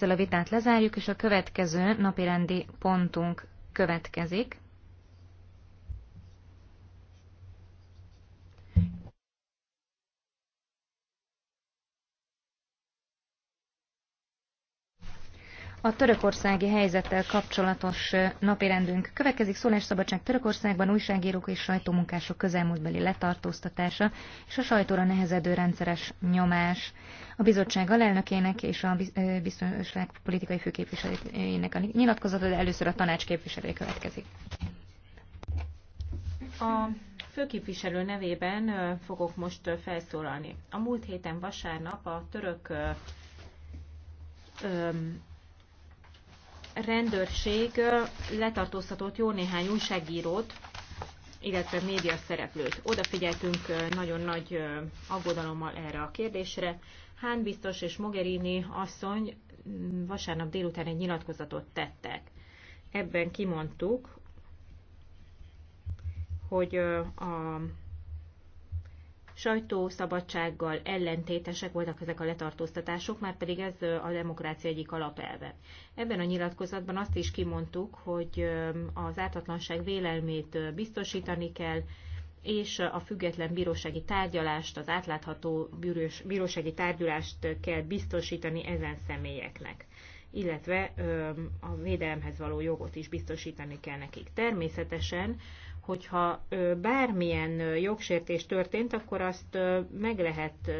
Ezzel a vitát lezárjuk, és a következő napirendi pontunk következik. A törökországi helyzettel kapcsolatos napirendünk következik. Szólásszabadság Törökországban újságírók és sajtómunkások közelmúltbeli letartóztatása és a sajtóra nehezedő rendszeres nyomás. A bizottság alelnökének és a politikai főképviselőjének a nyilatkozata, de először a tanács képviselő következik. A főképviselő nevében fogok most felszólalni. A múlt héten vasárnap a török rendőrség letartóztatott jó néhány újságírót, illetve média szereplőt. Odafigyeltünk nagyon nagy aggodalommal erre a kérdésre. Hán biztos és Mogherini asszony mm, vasárnap délután egy nyilatkozatot tettek. Ebben kimondtuk, hogy a sajtószabadsággal ellentétesek voltak ezek a letartóztatások, már pedig ez a demokrácia egyik alapelve. Ebben a nyilatkozatban azt is kimondtuk, hogy az ártatlanság vélelmét biztosítani kell, és a független bírósági tárgyalást, az átlátható bírós, bírósági tárgyalást kell biztosítani ezen személyeknek illetve a védelemhez való jogot is biztosítani kell nekik. Természetesen hogyha bármilyen jogsértés történt, akkor azt meg lehet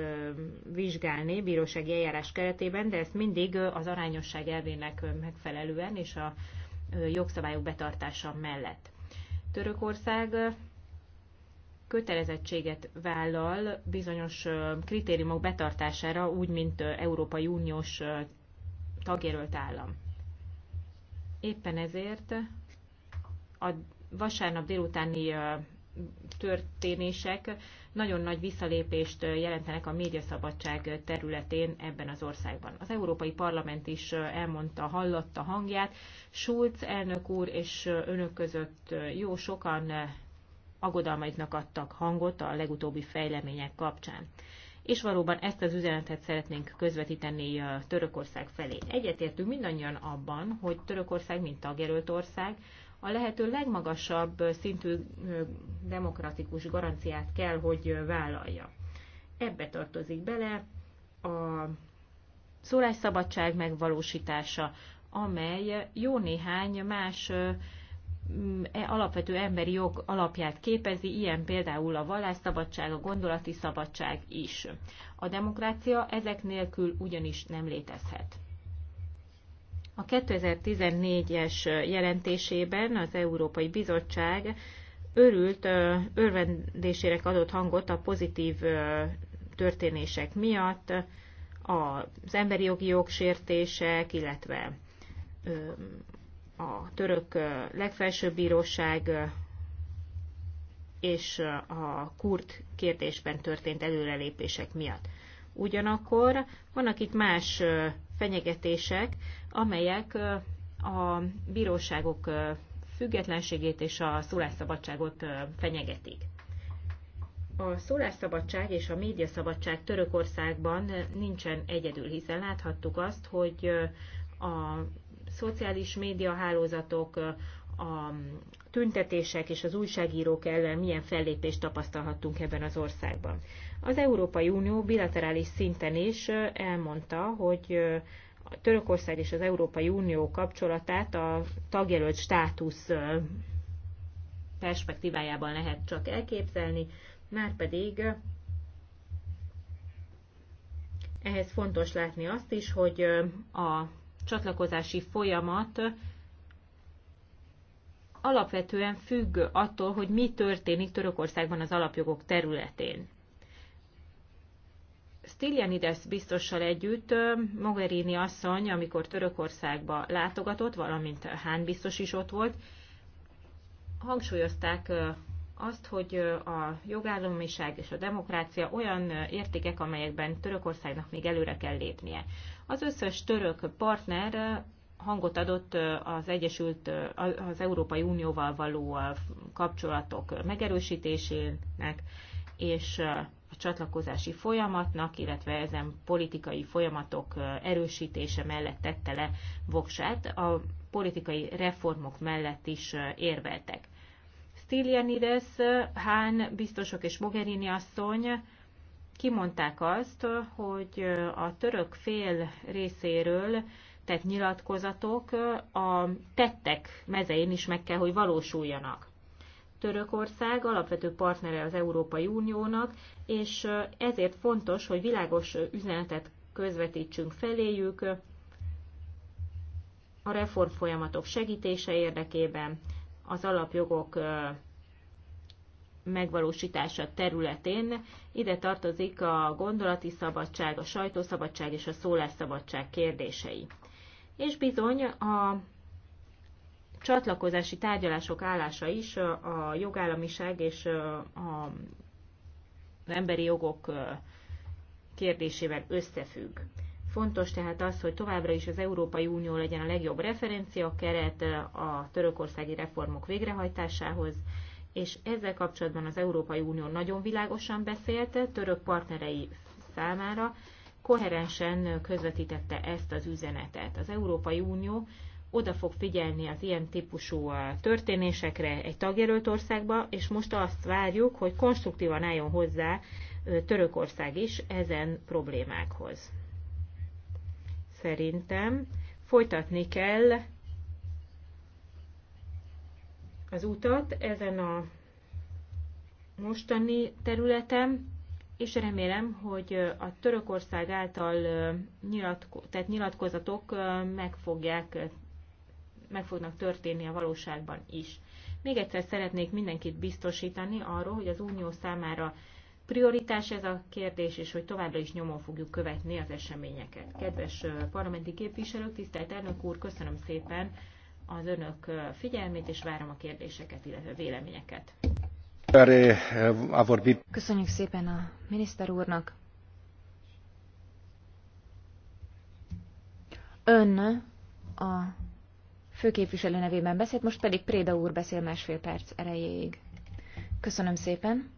vizsgálni bírósági eljárás keretében, de ezt mindig az arányosság elvének megfelelően és a jogszabályok betartása mellett. Törökország kötelezettséget vállal bizonyos kritériumok betartására, úgy, mint Európai Uniós tagjelölt állam. Éppen ezért a vasárnap délutáni történések nagyon nagy visszalépést jelentenek a médiaszabadság területén ebben az országban. Az Európai Parlament is elmondta, hallotta hangját. Schulz elnök úr és önök között jó sokan aggodalmaiknak adtak hangot a legutóbbi fejlemények kapcsán és valóban ezt az üzenetet szeretnénk közvetíteni Törökország felé. Egyetértünk mindannyian abban, hogy Törökország, mint tagjelölt ország, a lehető legmagasabb szintű demokratikus garanciát kell, hogy vállalja. Ebbe tartozik bele a szólásszabadság megvalósítása, amely jó néhány más E alapvető emberi jog alapját képezi, ilyen például a vallásszabadság, a gondolati szabadság is. A demokrácia ezek nélkül ugyanis nem létezhet. A 2014-es jelentésében az Európai Bizottság örült, örvendésére adott hangot a pozitív történések miatt, az emberi jogi jogsértések, illetve a török legfelsőbb bíróság és a kurt kérdésben történt előrelépések miatt. Ugyanakkor vannak itt más fenyegetések, amelyek a bíróságok függetlenségét és a szólásszabadságot fenyegetik. A szólásszabadság és a médiaszabadság Törökországban nincsen egyedül, hiszen láthattuk azt, hogy a szociális médiahálózatok, a tüntetések és az újságírók ellen milyen fellépést tapasztalhattunk ebben az országban. Az Európai Unió bilaterális szinten is elmondta, hogy a Törökország és az Európai Unió kapcsolatát a tagjelölt státusz perspektívájában lehet csak elképzelni, márpedig ehhez fontos látni azt is, hogy a csatlakozási folyamat alapvetően függ attól, hogy mi történik Törökországban az alapjogok területén. Stylianides biztossal együtt Mogherini asszony, amikor Törökországba látogatott, valamint Hán biztos is ott volt, hangsúlyozták azt, hogy a jogállamiság és a demokrácia olyan értékek, amelyekben Törökországnak még előre kell lépnie. Az összes török partner eh, hangot adott eh, az Egyesült, eh, az Európai Unióval való kapcsolatok megerősítésének, és a csatlakozási folyamatnak, illetve ezen politikai folyamatok erősítése mellett tette le voksát, a politikai reformok mellett is érveltek. Stylianides, Hán biztosok és Mogherini asszony kimondták azt, hogy a török fél részéről tett nyilatkozatok a tettek mezein is meg kell, hogy valósuljanak. Törökország alapvető partnere az Európai Uniónak, és ezért fontos, hogy világos üzenetet közvetítsünk feléjük a reformfolyamatok segítése érdekében, az alapjogok megvalósítása területén. Ide tartozik a gondolati szabadság, a sajtószabadság és a szólásszabadság kérdései. És bizony a csatlakozási tárgyalások állása is a jogállamiság és a az emberi jogok kérdésével összefügg. Fontos tehát az, hogy továbbra is az Európai Unió legyen a legjobb referencia keret a törökországi reformok végrehajtásához, és ezzel kapcsolatban az Európai Unió nagyon világosan beszélt, török partnerei számára koherensen közvetítette ezt az üzenetet. Az Európai Unió oda fog figyelni az ilyen típusú történésekre egy tagjelölt országba, és most azt várjuk, hogy konstruktívan álljon hozzá Törökország is ezen problémákhoz. Szerintem folytatni kell az utat ezen a mostani területen, és remélem, hogy a Törökország által nyilatko- tehát nyilatkozatok meg, fogják, meg fognak történni a valóságban is. Még egyszer szeretnék mindenkit biztosítani arról, hogy az Unió számára prioritás ez a kérdés, és hogy továbbra is nyomon fogjuk követni az eseményeket. Kedves parlamenti képviselők, tisztelt elnök úr, köszönöm szépen! az önök figyelmét, és várom a kérdéseket, illetve a véleményeket. Köszönjük szépen a miniszter úrnak. Ön a főképviselő nevében beszélt, most pedig Préda úr beszél másfél perc erejéig. Köszönöm szépen.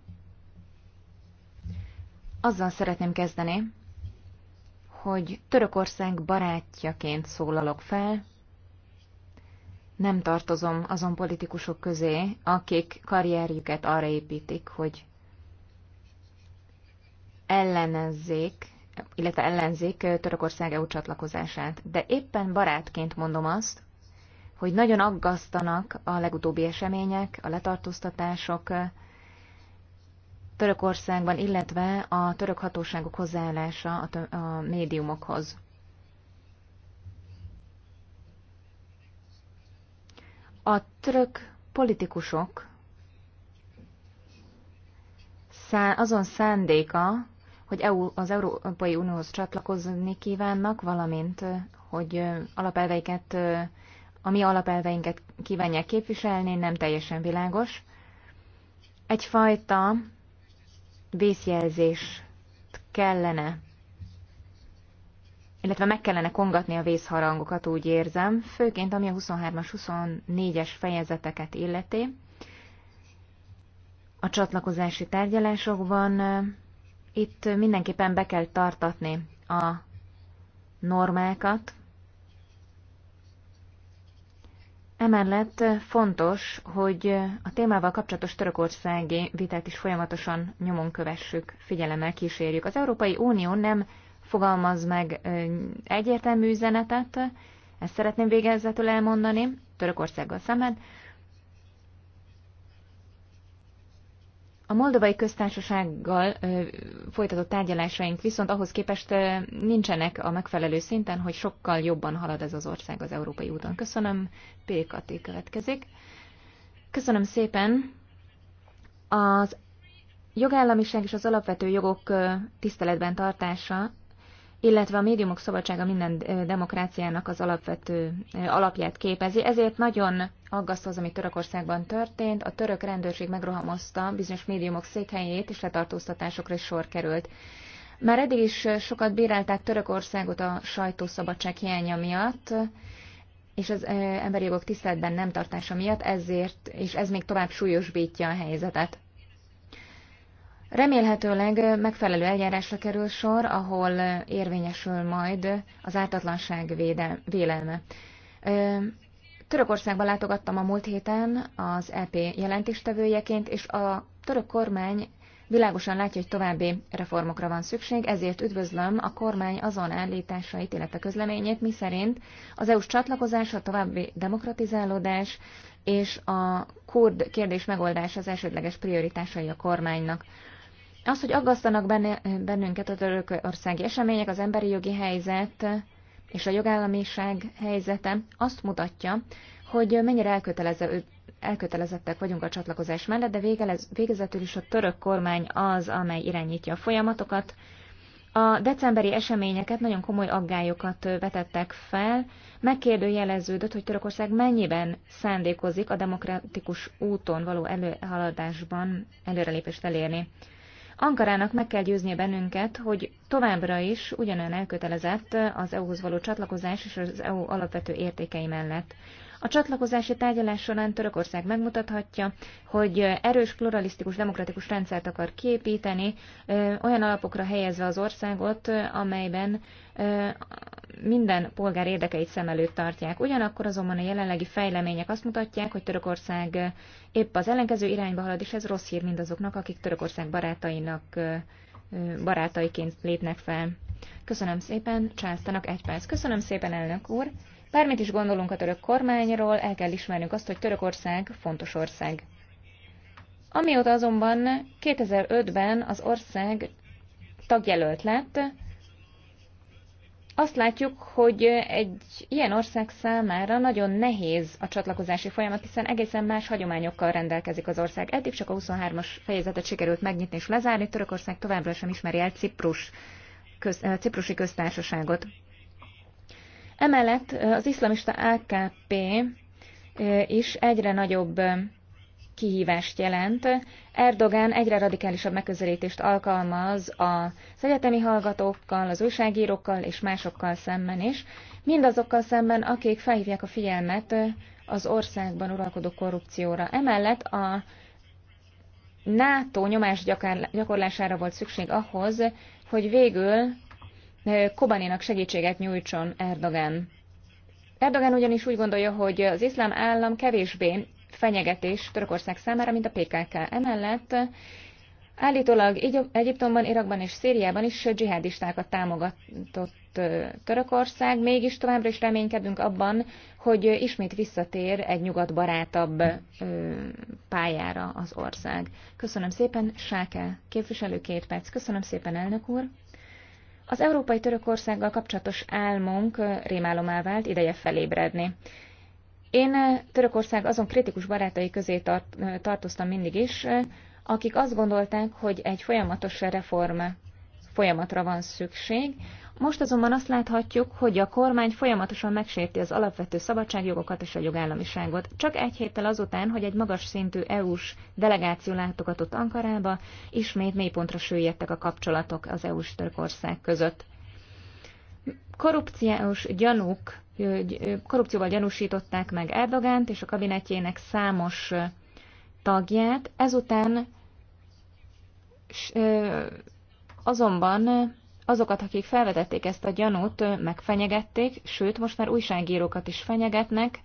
Azzal szeretném kezdeni, hogy Törökország barátjaként szólalok fel, nem tartozom azon politikusok közé, akik karrierjüket arra építik, hogy ellenezzék, illetve ellenzék Törökország EU csatlakozását. De éppen barátként mondom azt, hogy nagyon aggasztanak a legutóbbi események, a letartóztatások Törökországban, illetve a török hatóságok hozzáállása a, a médiumokhoz. A török politikusok azon szándéka, hogy EU, az Európai Unióhoz csatlakozni kívánnak, valamint, hogy alapelveiket, a mi alapelveinket kívánják képviselni, nem teljesen világos. Egyfajta vészjelzést kellene illetve meg kellene kongatni a vészharangokat, úgy érzem, főként ami a 23-as, 24-es fejezeteket illeti. A csatlakozási tárgyalásokban itt mindenképpen be kell tartatni a normákat. Emellett fontos, hogy a témával kapcsolatos törökországi vitát is folyamatosan nyomon kövessük, figyelemmel kísérjük. Az Európai Unió nem fogalmaz meg egyértelmű üzenetet, ezt szeretném végezetül elmondani, Törökországgal szemben. A moldovai köztársasággal ö, folytatott tárgyalásaink viszont ahhoz képest ö, nincsenek a megfelelő szinten, hogy sokkal jobban halad ez az ország az európai úton. Köszönöm, P. Kati következik. Köszönöm szépen. Az jogállamiság és az alapvető jogok tiszteletben tartása illetve a médiumok szabadsága minden demokráciának az alapvető alapját képezi. Ezért nagyon aggasztó az, ami Törökországban történt. A török rendőrség megrohamozta bizonyos médiumok székhelyét, és letartóztatásokra is sor került. Már eddig is sokat bírálták Törökországot a sajtószabadság hiánya miatt, és az emberi jogok tiszteletben nem tartása miatt, ezért, és ez még tovább súlyosbítja a helyzetet. Remélhetőleg megfelelő eljárásra kerül sor, ahol érvényesül majd az ártatlanság vélelme. Törökországban látogattam a múlt héten az EP jelentéstevőjeként, és a török kormány világosan látja, hogy további reformokra van szükség, ezért üdvözlöm a kormány azon állításait, illetve közleményét, miszerint az EU-s csatlakozás, a további demokratizálódás és a kurd kérdés megoldása az elsődleges prioritásai a kormánynak. Az, hogy aggasztanak bennünket a törökországi események, az emberi jogi helyzet és a jogállamiság helyzete azt mutatja, hogy mennyire elkötelezettek vagyunk a csatlakozás mellett, de végezetül is a török kormány az, amely irányítja a folyamatokat. A decemberi eseményeket nagyon komoly aggályokat vetettek fel, megkérdőjeleződött, hogy Törökország mennyiben szándékozik a demokratikus úton való előhaladásban előrelépést elérni. Ankarának meg kell győznie bennünket, hogy továbbra is ugyanolyan elkötelezett az EU-hoz való csatlakozás és az EU alapvető értékei mellett. A csatlakozási tárgyalás során Törökország megmutathatja, hogy erős, pluralisztikus, demokratikus rendszert akar képíteni, olyan alapokra helyezve az országot, amelyben minden polgár érdekeit szem előtt tartják. Ugyanakkor azonban a jelenlegi fejlemények azt mutatják, hogy Törökország épp az ellenkező irányba halad, és ez rossz hír mindazoknak, akik Törökország barátainak barátaiként lépnek fel. Köszönöm szépen, Császtanak egy perc. Köszönöm szépen, elnök úr. Bármit is gondolunk a török kormányról, el kell ismernünk azt, hogy Törökország fontos ország. Amióta azonban 2005-ben az ország tagjelölt lett, azt látjuk, hogy egy ilyen ország számára nagyon nehéz a csatlakozási folyamat, hiszen egészen más hagyományokkal rendelkezik az ország. Eddig csak a 23-as fejezetet sikerült megnyitni és lezárni, Törökország továbbra sem ismeri el Ciprus, köz, Ciprusi köztársaságot. Emellett az iszlamista AKP is egyre nagyobb kihívást jelent. Erdogán egyre radikálisabb megközelítést alkalmaz az egyetemi hallgatókkal, az újságírókkal és másokkal szemben is, mindazokkal szemben, akik felhívják a figyelmet az országban uralkodó korrupcióra. Emellett a NATO nyomás gyakorlására volt szükség ahhoz, hogy végül Kobanénak segítséget nyújtson Erdogan. Erdogan ugyanis úgy gondolja, hogy az iszlám állam kevésbé fenyegetés Törökország számára, mint a PKK. Emellett állítólag Egyiptomban, Irakban és Szíriában is dzsihadistákat támogatott Törökország, mégis továbbra is reménykedünk abban, hogy ismét visszatér egy nyugatbarátabb pályára az ország. Köszönöm szépen, Sáke képviselő két perc. Köszönöm szépen, elnök úr. Az európai Törökországgal kapcsolatos álmunk rémálomá vált, ideje felébredni. Én Törökország azon kritikus barátai közé tart, tartoztam mindig is, akik azt gondolták, hogy egy folyamatos reform folyamatra van szükség, most azonban azt láthatjuk, hogy a kormány folyamatosan megsérti az alapvető szabadságjogokat és a jogállamiságot. Csak egy héttel azután, hogy egy magas szintű EU-s delegáció látogatott Ankarába, ismét mélypontra sűjjettek a kapcsolatok az EU-s Törökország között. Korrupciós gyanúk, korrupcióval gyanúsították meg Erdogánt és a kabinetjének számos tagját, ezután azonban azokat, akik felvetették ezt a gyanút, megfenyegették, sőt, most már újságírókat is fenyegetnek,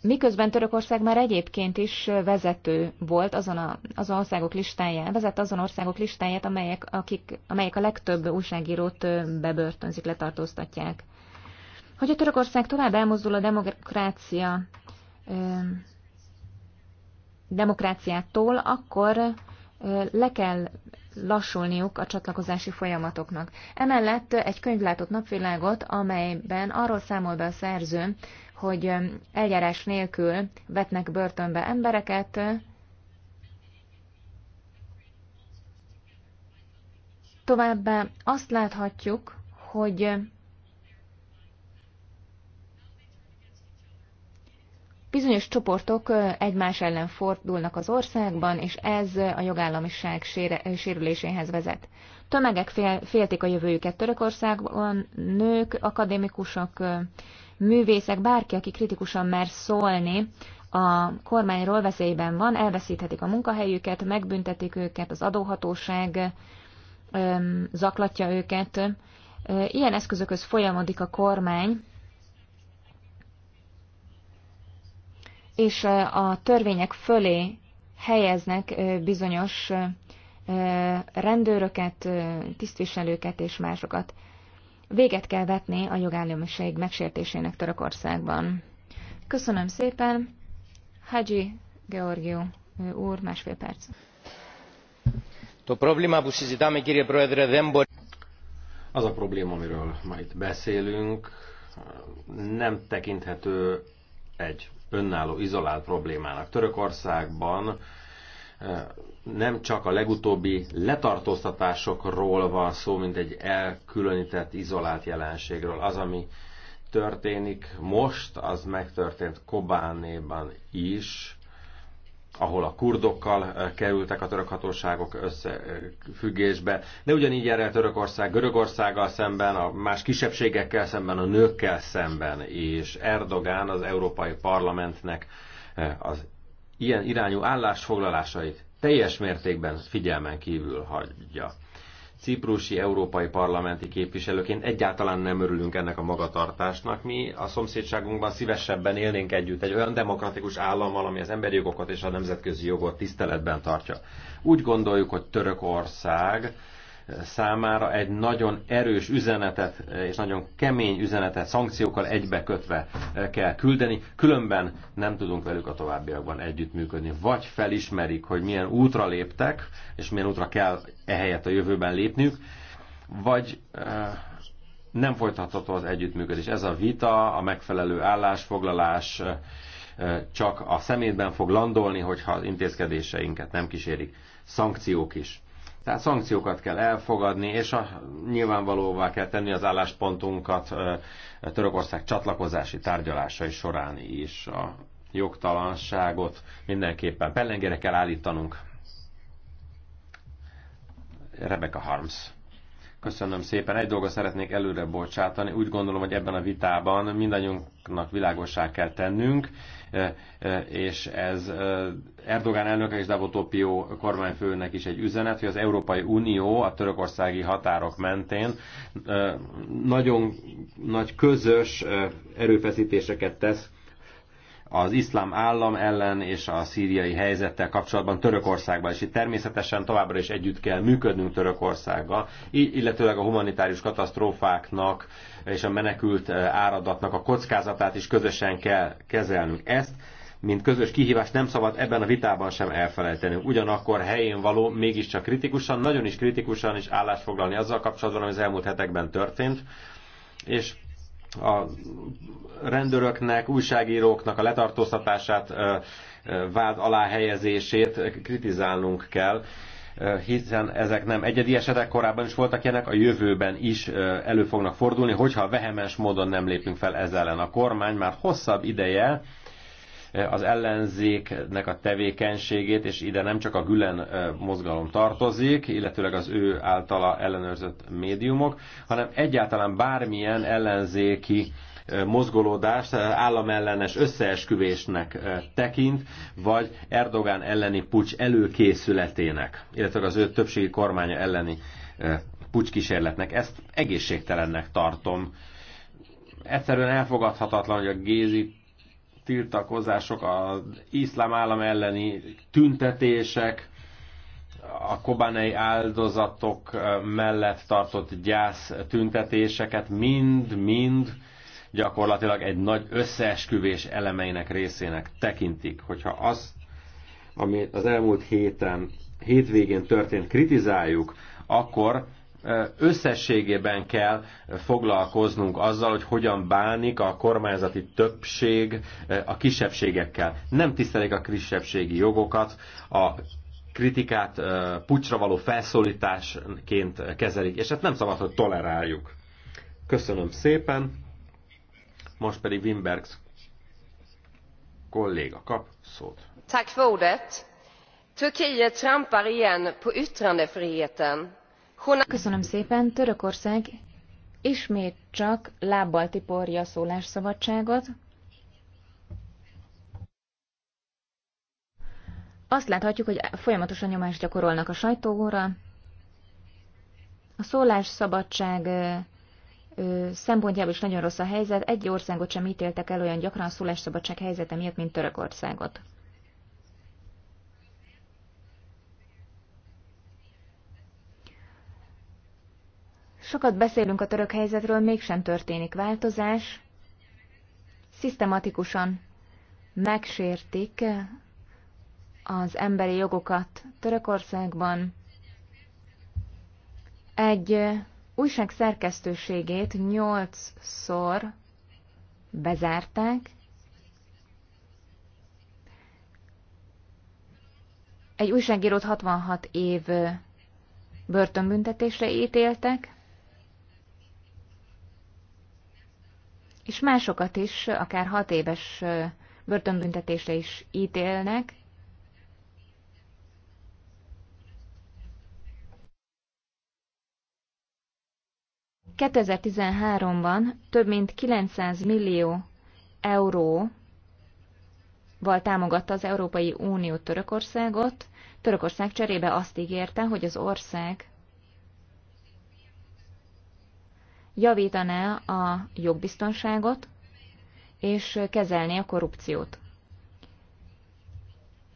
miközben Törökország már egyébként is vezető volt azon a, az országok listáján, vezet azon országok listáját, amelyek, akik, amelyek a legtöbb újságírót bebörtönzik, letartóztatják. Hogy a Törökország tovább elmozdul a demokrácia, demokráciától, akkor le kell lassulniuk a csatlakozási folyamatoknak. Emellett egy könyv látott napvilágot, amelyben arról számol be a szerző, hogy eljárás nélkül vetnek börtönbe embereket, Továbbá azt láthatjuk, hogy Bizonyos csoportok egymás ellen fordulnak az országban, és ez a jogállamiság sérüléséhez vezet. Tömegek fél, féltik a jövőjüket Törökországban, nők, akadémikusok, művészek, bárki, aki kritikusan mer szólni, a kormányról veszélyben van, elveszíthetik a munkahelyüket, megbüntetik őket, az adóhatóság zaklatja őket. Ilyen eszközökhöz folyamodik a kormány, és a törvények fölé helyeznek bizonyos rendőröket, tisztviselőket és másokat. Véget kell vetni a jogállamiség megsértésének Törökországban. Köszönöm szépen. Hagyi Georgiou úr, másfél perc. Az a probléma, amiről ma itt beszélünk, nem tekinthető egy önálló, izolált problémának. Törökországban eh, nem csak a legutóbbi letartóztatásokról van szó, mint egy elkülönített, izolált jelenségről. Az, ami történik most, az megtörtént Kobánéban is, ahol a kurdokkal eh, kerültek a török hatóságok összefüggésbe, de ugyanígy erre Törökország Görögországgal szemben, a más kisebbségekkel szemben, a nőkkel szemben, és Erdogán az Európai Parlamentnek eh, az ilyen irányú állásfoglalásait teljes mértékben figyelmen kívül hagyja ciprusi európai parlamenti képviselőként egyáltalán nem örülünk ennek a magatartásnak. Mi a szomszédságunkban szívesebben élnénk együtt egy olyan demokratikus állammal, ami az emberi jogokat és a nemzetközi jogot tiszteletben tartja. Úgy gondoljuk, hogy Törökország számára egy nagyon erős üzenetet és nagyon kemény üzenetet szankciókkal egybekötve kell küldeni, különben nem tudunk velük a továbbiakban együttműködni. Vagy felismerik, hogy milyen útra léptek, és milyen útra kell ehelyett a jövőben lépniük, vagy nem folytatható az együttműködés. Ez a vita, a megfelelő állásfoglalás csak a szemétben fog landolni, hogyha az intézkedéseinket nem kísérik szankciók is. Tehát szankciókat kell elfogadni, és a, nyilvánvalóvá kell tenni az álláspontunkat Törökország csatlakozási tárgyalásai során is. A jogtalanságot mindenképpen pellengére kell állítanunk. Rebecca Harms. Köszönöm szépen. Egy dolgot szeretnék előre bocsátani. Úgy gondolom, hogy ebben a vitában mindannyiunknak világossá kell tennünk, E, e, és ez e, Erdogán elnöke és Davutoglu kormányfőnek is egy üzenet, hogy az Európai Unió a törökországi határok mentén nagyon nagy közös erőfeszítéseket tesz az iszlám állam ellen és a szíriai helyzettel kapcsolatban Törökországban, és itt természetesen továbbra is együtt kell működnünk Törökországgal, illetőleg a humanitárius katasztrófáknak és a menekült eh, áradatnak a kockázatát is közösen kell kezelnünk. Ezt mint közös kihívást nem szabad ebben a vitában sem elfelejteni. Ugyanakkor helyén való, mégiscsak kritikusan, nagyon is kritikusan is állásfoglalni azzal kapcsolatban, ami az elmúlt hetekben történt, és a rendőröknek, újságíróknak a letartóztatását, vád alá helyezését kritizálnunk kell hiszen ezek nem egyedi esetek, korábban is voltak ilyenek, a jövőben is elő fognak fordulni, hogyha vehemes módon nem lépünk fel ezzel ellen. A kormány már hosszabb ideje az ellenzéknek a tevékenységét, és ide nem csak a Gülen mozgalom tartozik, illetőleg az ő általa ellenőrzött médiumok, hanem egyáltalán bármilyen ellenzéki mozgolódást államellenes összeesküvésnek tekint, vagy Erdogán elleni pucs előkészületének, illetve az ő többségi kormánya elleni pucskísérletnek. Ezt egészségtelennek tartom. Egyszerűen elfogadhatatlan, hogy a Gézi tiltakozások, az iszlám állam elleni tüntetések, a kobanei áldozatok mellett tartott gyász tüntetéseket mind-mind gyakorlatilag egy nagy összeesküvés elemeinek részének tekintik. Hogyha az, ami az elmúlt héten, hétvégén történt, kritizáljuk, akkor összességében kell foglalkoznunk azzal, hogy hogyan bánik a kormányzati többség eh, a kisebbségekkel. Nem tisztelik a kisebbségi jogokat, a kritikát eh, pucsra való felszólításként kezelik, és ezt nem szabad, hogy toleráljuk. Köszönöm szépen. Most pedig Wimbergs kolléga kap szót. Tack för ordet. Turkiet trampar igen på yttrandefriheten. Köszönöm szépen, Törökország ismét csak lábbal tiporja a szólásszabadságot. Azt láthatjuk, hogy folyamatosan nyomást gyakorolnak a sajtóra. A szólásszabadság szempontjából is nagyon rossz a helyzet. Egy országot sem ítéltek el olyan gyakran a szólásszabadság helyzete miatt, mint Törökországot. Sokat beszélünk a török helyzetről, mégsem történik változás. Szisztematikusan megsértik az emberi jogokat Törökországban. Egy újság szerkesztőségét nyolcszor bezárták. Egy újságírót 66 év börtönbüntetésre ítéltek, és másokat is akár hat éves börtönbüntetésre is ítélnek. ...2013-ban több mint 900 millió euróval támogatta az Európai Unió Törökországot. Törökország cserébe azt ígérte, hogy az ország javítaná a jogbiztonságot, és kezelni a korrupciót.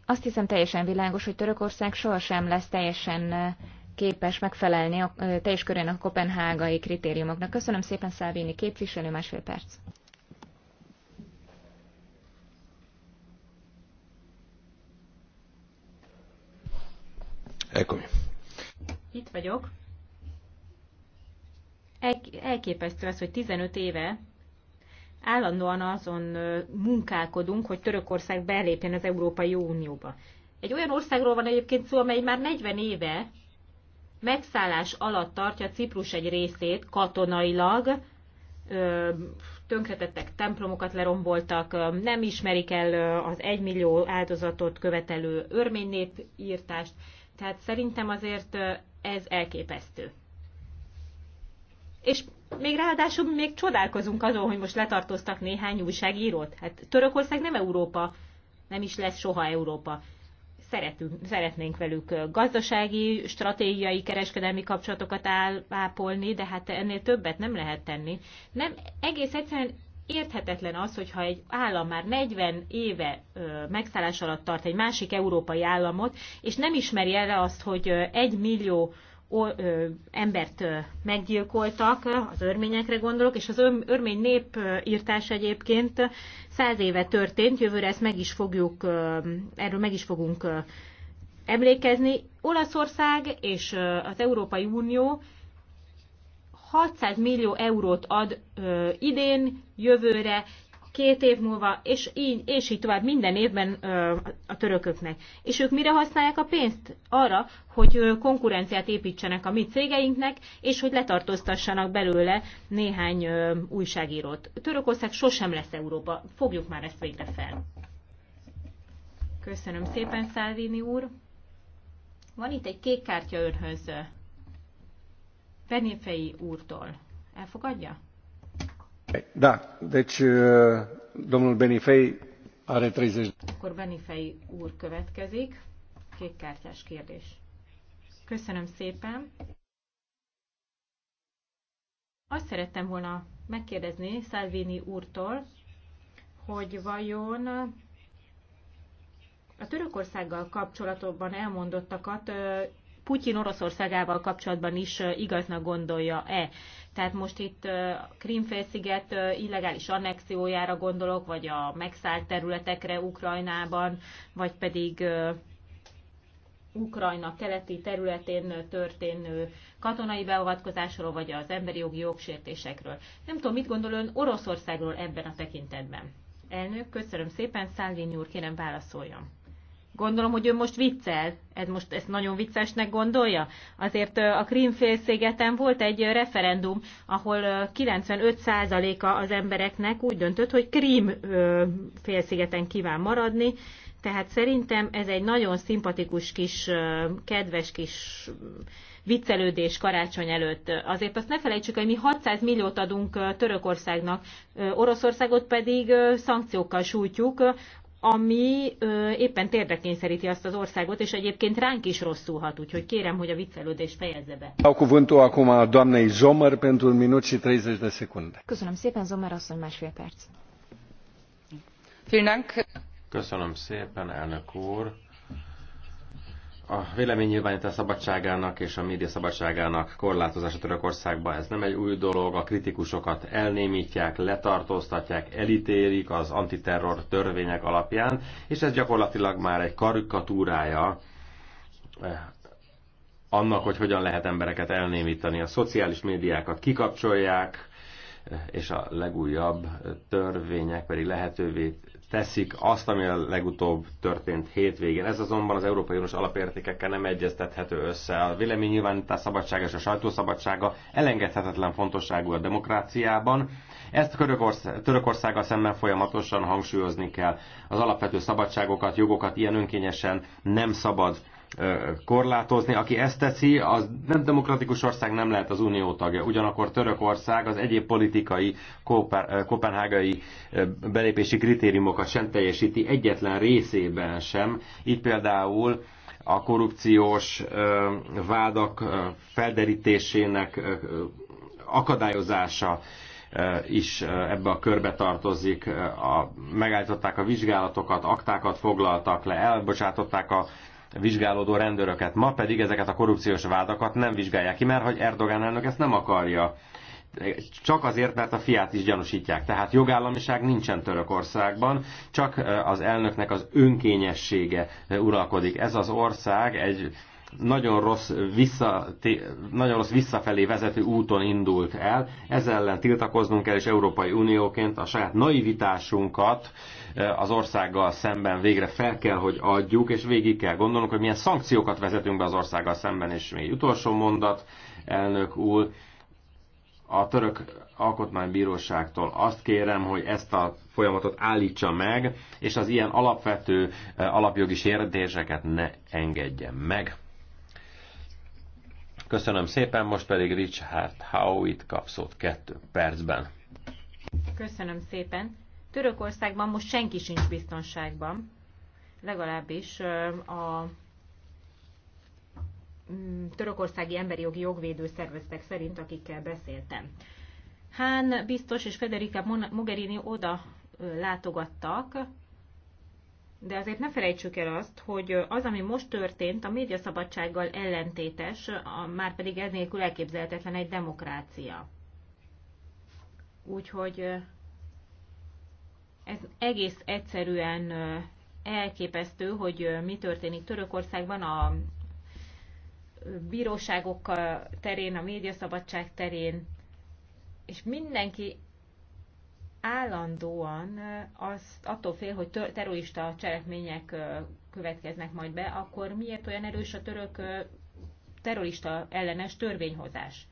Azt hiszem teljesen világos, hogy Törökország sohasem lesz teljesen képes megfelelni a, teljes körén a kopenhágai kritériumoknak. Köszönöm szépen, Szávini képviselő, másfél perc. Ekkor. Itt vagyok elképesztő az, hogy 15 éve állandóan azon munkálkodunk, hogy Törökország belépjen az Európai Unióba. Egy olyan országról van egyébként szó, amely már 40 éve megszállás alatt tartja Ciprus egy részét katonailag, tönkretettek templomokat, leromboltak, nem ismerik el az egymillió áldozatot követelő örmény népírtást, tehát szerintem azért ez elképesztő és még ráadásul még csodálkozunk azon, hogy most letartóztak néhány újságírót. Hát Törökország nem Európa, nem is lesz soha Európa. Szeretünk, szeretnénk velük gazdasági, stratégiai, kereskedelmi kapcsolatokat ápolni, de hát ennél többet nem lehet tenni. Nem, egész egyszerűen érthetetlen az, hogyha egy állam már 40 éve megszállás alatt tart egy másik európai államot, és nem ismeri el azt, hogy egy millió embert meggyilkoltak, az örményekre gondolok, és az örmény népírtás egyébként száz éve történt, jövőre ezt meg is fogjuk, erről meg is fogunk emlékezni. Olaszország és az Európai Unió 600 millió eurót ad idén, jövőre két év múlva, és így, és így tovább minden évben ö, a törököknek. És ők mire használják a pénzt? Arra, hogy konkurenciát építsenek a mi cégeinknek, és hogy letartóztassanak belőle néhány ö, újságírót. Törökország sosem lesz Európa. Fogjuk már ezt végre fel. Köszönöm szépen, Szálvini úr. Van itt egy kék kártya önhöz. Fenéfei úrtól. Elfogadja? Uh, úr következik. kérdés. Köszönöm szépen. Azt szerettem volna megkérdezni Salvini úrtól, hogy vajon a Törökországgal kapcsolatban elmondottakat Putyin Oroszországával kapcsolatban is igaznak gondolja-e. Tehát most itt Krímfélsziget illegális annexiójára gondolok, vagy a megszállt területekre Ukrajnában, vagy pedig Ukrajna keleti területén történő katonai beavatkozásról, vagy az emberi jogi jogsértésekről. Nem tudom, mit gondol ön Oroszországról ebben a tekintetben. Elnök, köszönöm szépen, Szállin úr, kérem válaszoljon. Gondolom, hogy ő most viccel. Ez most ezt nagyon viccesnek gondolja. Azért a Krímfélszigeten volt egy referendum, ahol 95%-a az embereknek úgy döntött, hogy Krímfélszigeten kíván maradni. Tehát szerintem ez egy nagyon szimpatikus kis, kedves kis viccelődés karácsony előtt. Azért azt ne felejtsük, hogy mi 600 milliót adunk Törökországnak, Oroszországot pedig szankciókkal sújtjuk, ami ö, éppen térdre kényszeríti azt az országot, és egyébként ránk is rosszul hat, úgyhogy kérem, hogy a viccelődést fejezze be. A cuvântul acum a doamnei Zomer pentru un minut și 30 de secunde. Köszönöm szépen, Zomer asszony, másfél perc. Köszönöm szépen, elnök úr a véleménynyilvánítás szabadságának és a média szabadságának korlátozása Törökországban ez nem egy új dolog, a kritikusokat elnémítják, letartóztatják, elítélik az antiterror törvények alapján, és ez gyakorlatilag már egy karikatúrája eh, annak, hogy hogyan lehet embereket elnémítani. A szociális médiákat kikapcsolják, eh, és a legújabb törvények pedig lehetővé teszik azt, ami a legutóbb történt hétvégén. Ez azonban az Európai Uniós alapértékekkel nem egyeztethető össze. A nyilvánítás szabadság és a sajtószabadsága elengedhetetlen fontosságú a demokráciában. Ezt Törökország, Törökországgal szemben folyamatosan hangsúlyozni kell. Az alapvető szabadságokat, jogokat ilyen önkényesen nem szabad korlátozni. Aki ezt teszi, az nem demokratikus ország nem lehet az unió tagja. Ugyanakkor Törökország az egyéb politikai kopenhágai belépési kritériumokat sem teljesíti egyetlen részében sem. Itt például a korrupciós vádak felderítésének akadályozása is ebbe a körbe tartozik. A, megállították a vizsgálatokat, aktákat foglaltak le, elbocsátották a vizsgálódó rendőröket. Ma pedig ezeket a korrupciós vádakat nem vizsgálják ki, mert hogy Erdogán elnök ezt nem akarja. Csak azért, mert a fiát is gyanúsítják. Tehát jogállamiság nincsen Törökországban, csak az elnöknek az önkényessége uralkodik. Ez az ország egy nagyon rossz, vissza, nagyon rossz visszafelé vezető úton indult el. Ezzel ellen tiltakoznunk kell, és Európai Unióként a saját naivitásunkat eh, az országgal szemben végre fel kell, hogy adjuk, és végig kell gondolnunk, hogy milyen szankciókat vezetünk be az országgal szemben, és még utolsó mondat, elnök úr, a török alkotmánybíróságtól azt kérem, hogy ezt a folyamatot állítsa meg, és az ilyen alapvető eh, alapjogi sérdéseket ne engedje meg. Köszönöm szépen, most pedig Richard Howitt kap szót kettő percben. Köszönöm szépen. Törökországban most senki sincs biztonságban, legalábbis a mm, törökországi emberi jogi jogvédő szerveztek szerint, akikkel beszéltem. Hán biztos és Federica Mogherini oda látogattak, de azért ne felejtsük el azt, hogy az, ami most történt, a médiaszabadsággal ellentétes, már pedig ez nélkül elképzelhetetlen egy demokrácia. Úgyhogy ez egész egyszerűen elképesztő, hogy mi történik Törökországban a bíróságok terén, a médiaszabadság terén, és mindenki állandóan eh, az, attól fél, hogy terrorista cselekmények eh, következnek majd be, akkor miért olyan erős a török eh, terrorista ellenes törvényhozás?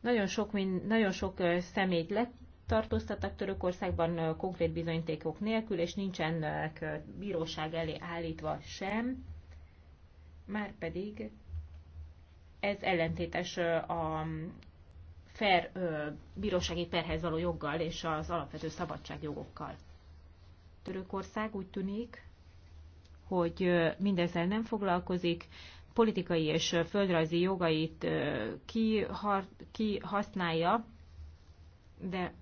Nagyon sok, nagyon sok személyt letartóztattak Törökországban konkrét bizonyítékok nélkül, és nincsenek bíróság elé állítva sem, Márpedig pedig ez ellentétes a fair bírósági perhez való joggal és az alapvető szabadságjogokkal. Törökország úgy tűnik, hogy mindezzel nem foglalkozik, politikai és földrajzi jogait kihasználja, de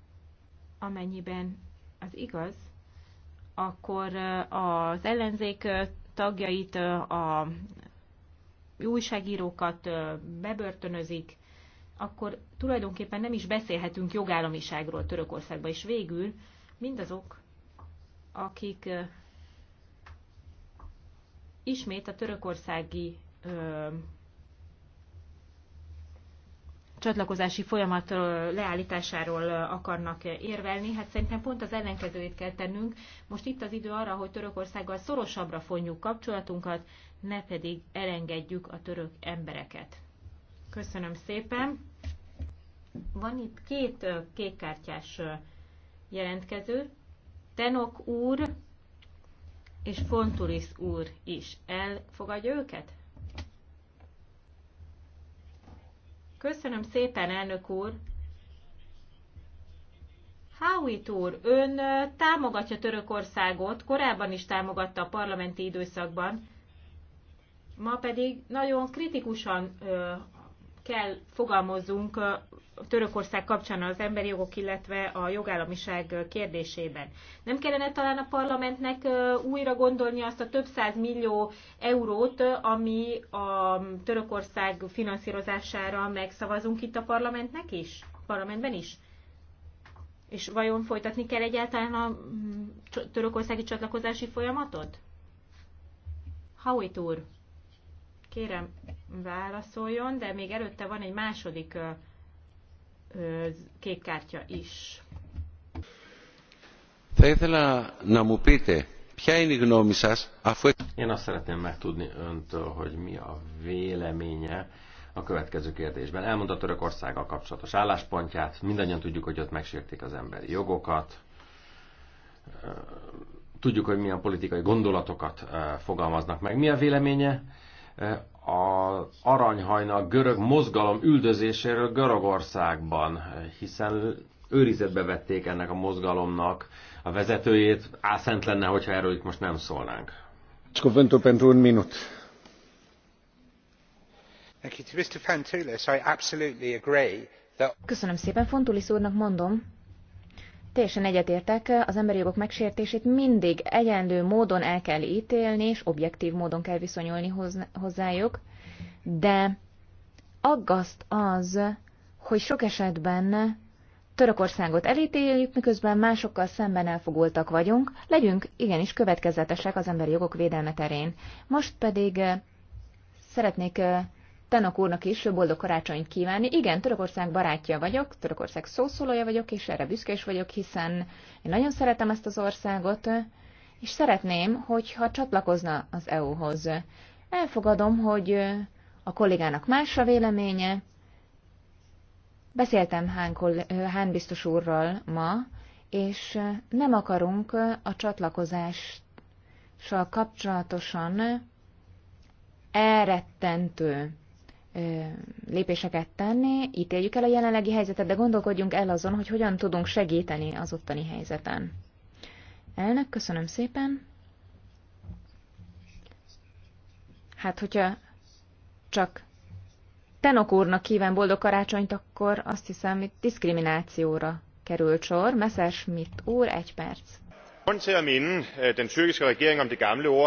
amennyiben az igaz, akkor az ellenzék tagjait a újságírókat bebörtönözik, akkor tulajdonképpen nem is beszélhetünk jogállamiságról Törökországban. És végül mindazok, akik ismét a törökországi csatlakozási folyamat leállításáról akarnak érvelni, hát szerintem pont az ellenkezőjét kell tennünk. Most itt az idő arra, hogy Törökországgal szorosabbra fonjuk kapcsolatunkat, ne pedig elengedjük a török embereket. Köszönöm szépen. Van itt két kékkártyás jelentkező, Tenok úr és Fonturis úr is. Elfogadja őket? Köszönöm szépen, elnök úr! Howitt úr, ön támogatja Törökországot, korábban is támogatta a parlamenti időszakban, Ma pedig nagyon kritikusan kell fogalmozzunk Törökország kapcsán az emberi jogok, illetve a jogállamiság kérdésében. Nem kellene talán a parlamentnek újra gondolni azt a több száz millió eurót, ami a Törökország finanszírozására megszavazunk itt a parlamentnek is? Parlamentben is? És vajon folytatni kell egyáltalán a mm, törökországi csatlakozási folyamatot? Howitt úr! Kérem, válaszoljon, de még előtte van egy második ö, ö, kék kártya is. Én azt szeretném megtudni öntől, hogy mi a véleménye a következő kérdésben. Elmondta Törökországgal kapcsolatos álláspontját, mindannyian tudjuk, hogy ott megsértik az emberi jogokat, tudjuk, hogy milyen politikai gondolatokat fogalmaznak meg. Mi a véleménye az aranyhajnal görög mozgalom üldözéséről Görögországban, hiszen őrizetbe vették ennek a mozgalomnak a vezetőjét. Ászent lenne, hogyha erről itt most nem szólnánk. Csak pentru un minut. Köszönöm szépen, Fontulis úrnak mondom, Teljesen egyetértek, az emberi jogok megsértését mindig egyenlő módon el kell ítélni, és objektív módon kell viszonyulni hozzájuk, de aggaszt az, hogy sok esetben Törökországot elítéljük, miközben másokkal szemben elfogultak vagyunk, legyünk igenis következetesek az emberi jogok védelme terén. Most pedig eh, szeretnék eh, Tanok úrnak is boldog karácsonyt kívánni. Igen, Törökország barátja vagyok, Törökország szószólója vagyok, és erre büszke is vagyok, hiszen én nagyon szeretem ezt az országot, és szeretném, hogyha csatlakozna az EU-hoz. Elfogadom, hogy a kollégának más a véleménye. Beszéltem Hán, Hán biztos úrral ma, és nem akarunk a csatlakozással kapcsolatosan elrettentő lépéseket tenni, ítéljük el a jelenlegi helyzetet, de gondolkodjunk el azon, hogy hogyan tudunk segíteni az ottani helyzeten. Elnök, köszönöm szépen. Hát, hogyha csak Tenok úrnak kíván boldog karácsonyt, akkor azt hiszem, itt diszkriminációra került sor. Messerschmidt úr, egy perc. Øh,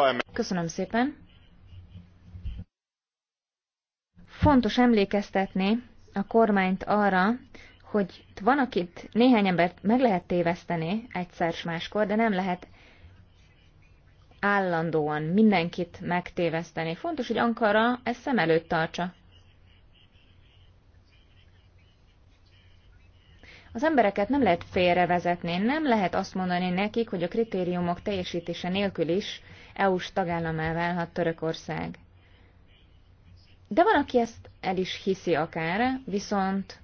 er- köszönöm szépen. Fontos emlékeztetni a kormányt arra, hogy van, akit néhány embert meg lehet téveszteni egyszer s máskor, de nem lehet állandóan mindenkit megtéveszteni. Fontos, hogy Ankara ezt szem előtt tartsa. Az embereket nem lehet félrevezetni, nem lehet azt mondani nekik, hogy a kritériumok teljesítése nélkül is EU-s tagállamá válhat Törökország. De van, aki ezt el is hiszi akár, viszont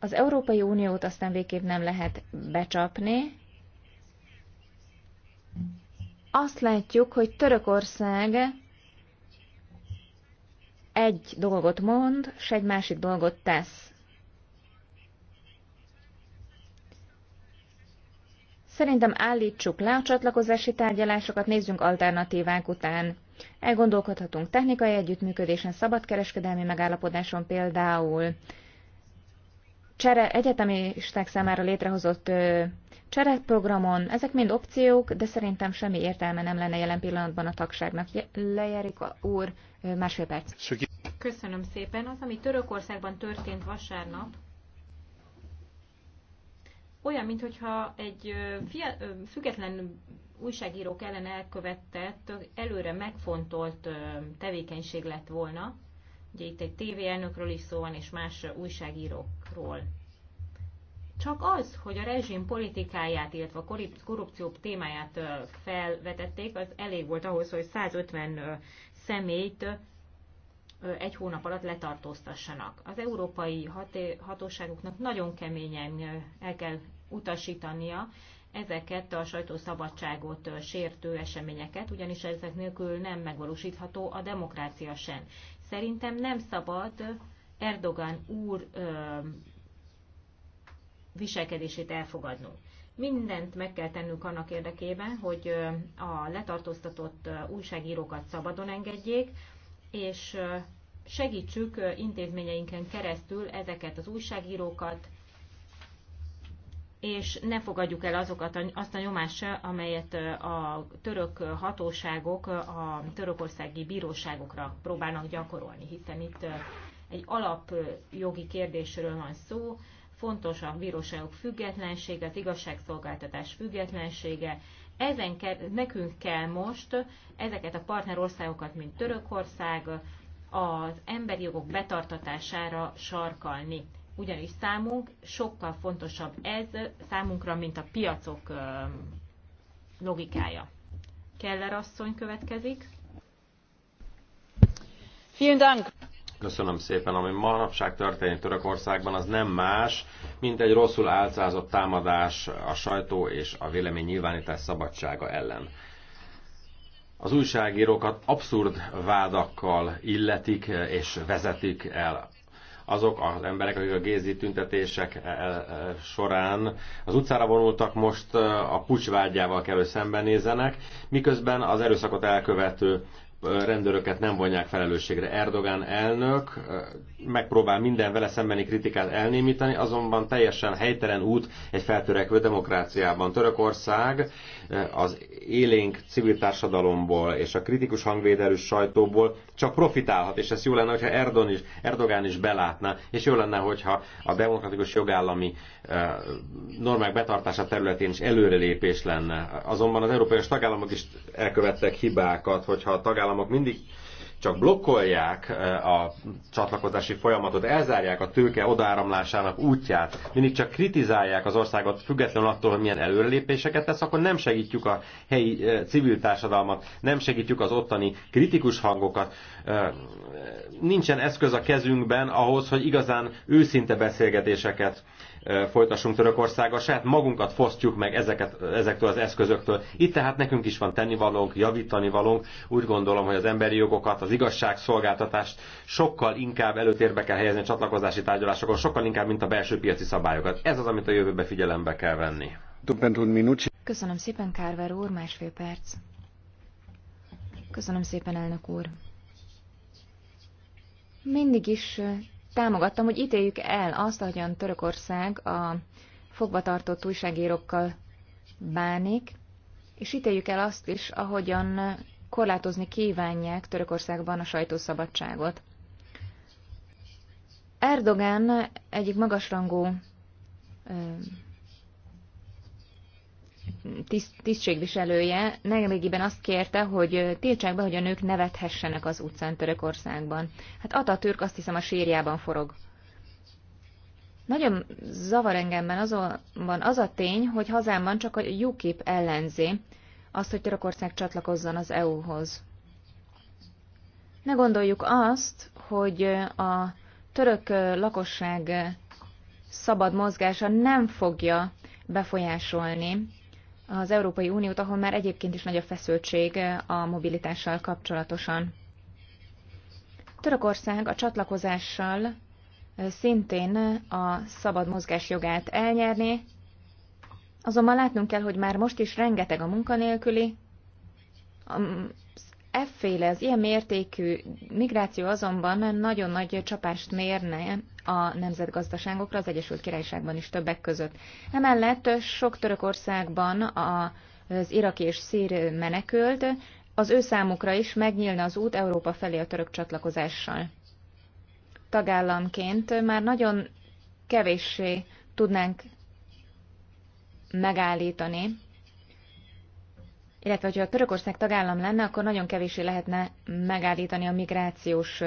az Európai Uniót aztán végképp nem lehet becsapni. Azt látjuk, hogy Törökország egy dolgot mond, s egy másik dolgot tesz. Szerintem állítsuk le a csatlakozási tárgyalásokat, nézzünk alternatívák után. Elgondolkodhatunk technikai együttműködésen, szabadkereskedelmi megállapodáson például, csere, egyetemisták számára létrehozott csereprogramon, ezek mind opciók, de szerintem semmi értelme nem lenne jelen pillanatban a tagságnak. Lejárik a úr másfél perc. Köszönöm szépen. Az, ami Törökországban történt vasárnap, olyan, mintha egy fia, független újságírók ellen elkövetett, előre megfontolt tevékenység lett volna. Ugye itt egy elnökről is szó van, és más újságírókról. Csak az, hogy a rezsim politikáját, illetve a korrupció témáját felvetették, az elég volt ahhoz, hogy 150 személyt egy hónap alatt letartóztassanak. Az európai hatóságoknak nagyon keményen el kell utasítania ezeket a sajtószabadságot sértő eseményeket, ugyanis ezek nélkül nem megvalósítható a demokrácia sem. Szerintem nem szabad Erdogan úr ö, viselkedését elfogadnunk. Mindent meg kell tennünk annak érdekében, hogy a letartóztatott újságírókat szabadon engedjék, és segítsük intézményeinken keresztül ezeket az újságírókat, és ne fogadjuk el azokat, azt a nyomást, amelyet a török hatóságok, a törökországi bíróságokra próbálnak gyakorolni, hiszen itt egy alapjogi kérdésről van szó, fontos a bíróságok függetlensége, az igazságszolgáltatás függetlensége. Ezen kell, nekünk kell most ezeket a partnerországokat, mint Törökország, az emberi jogok betartatására sarkalni ugyanis számunk sokkal fontosabb ez számunkra, mint a piacok logikája. Keller asszony következik. Vielen Dank! Köszönöm szépen. Ami manapság történik Törökországban, az nem más, mint egy rosszul álcázott támadás a sajtó és a vélemény nyilvánítás szabadsága ellen. Az újságírókat abszurd vádakkal illetik és vezetik el azok az emberek, akik a gézi tüntetések e, e, során az utcára vonultak, most e, a pucsvágyával kell, hogy szembenézenek, miközben az erőszakot elkövető rendőröket nem vonják felelősségre. Erdogan elnök megpróbál minden vele szembeni kritikát elnémítani, azonban teljesen helytelen út egy feltörekvő demokráciában. Törökország az élénk civil társadalomból és a kritikus hangvédelű sajtóból csak profitálhat, és ez jó lenne, hogyha Erdogan is, Erdogan is belátná, és jó lenne, hogyha a demokratikus jogállami normák betartása területén is előrelépés lenne. Azonban az európai tagállamok is elkövettek hibákat, hogyha a tagállamok tagállamok mindig csak blokkolják eh, a csatlakozási folyamatot, elzárják a tőke odáramlásának útját, mindig csak kritizálják az országot függetlenül attól, hogy milyen előrelépéseket tesz, akkor nem segítjük a helyi eh, civil társadalmat, nem segítjük az ottani kritikus hangokat. Eh, nincsen eszköz a kezünkben ahhoz, hogy igazán őszinte beszélgetéseket folytassunk Törökországgal, saját magunkat fosztjuk meg ezeket, ezektől az eszközöktől. Itt tehát nekünk is van tennivalónk, javítani valónk. Úgy gondolom, hogy az emberi jogokat, az igazságszolgáltatást sokkal inkább előtérbe kell helyezni a csatlakozási tárgyalásokon, sokkal inkább, mint a belső piaci szabályokat. Ez az, amit a jövőbe figyelembe kell venni. Köszönöm szépen, Kárver úr, másfél perc. Köszönöm szépen, elnök úr. Mindig is támogattam, hogy ítéljük el azt, ahogyan Törökország a fogvatartott újságírókkal bánik, és ítéljük el azt is, ahogyan korlátozni kívánják Törökországban a sajtószabadságot. Erdogan egyik magasrangú tiszt, tisztségviselője nemrégiben azt kérte, hogy tiltsák be, hogy a nők nevethessenek az utcán Törökországban. Hát Atatürk azt hiszem a sírjában forog. Nagyon zavar engemben azonban az a tény, hogy hazámban csak a UKIP ellenzi azt, hogy Törökország csatlakozzon az EU-hoz. Ne gondoljuk azt, hogy a török lakosság szabad mozgása nem fogja befolyásolni az Európai Uniót, ahol már egyébként is nagy a feszültség eh, a mobilitással kapcsolatosan. Törökország a csatlakozással eh, szintén eh, a szabad mozgás jogát elnyerni, azonban látnunk kell, hogy már most is rengeteg a munkanélküli, az efféle, az ilyen mértékű migráció azonban nagyon nagy csapást mérne a nemzetgazdaságokra, az Egyesült Királyságban is többek között. Emellett sok Törökországban az iraki és szír menekült, az ő számukra is megnyílna az út Európa felé a török csatlakozással. Tagállamként már nagyon kevéssé tudnánk megállítani, illetve hogyha a Törökország tagállam lenne, akkor nagyon kevéssé lehetne megállítani a migrációs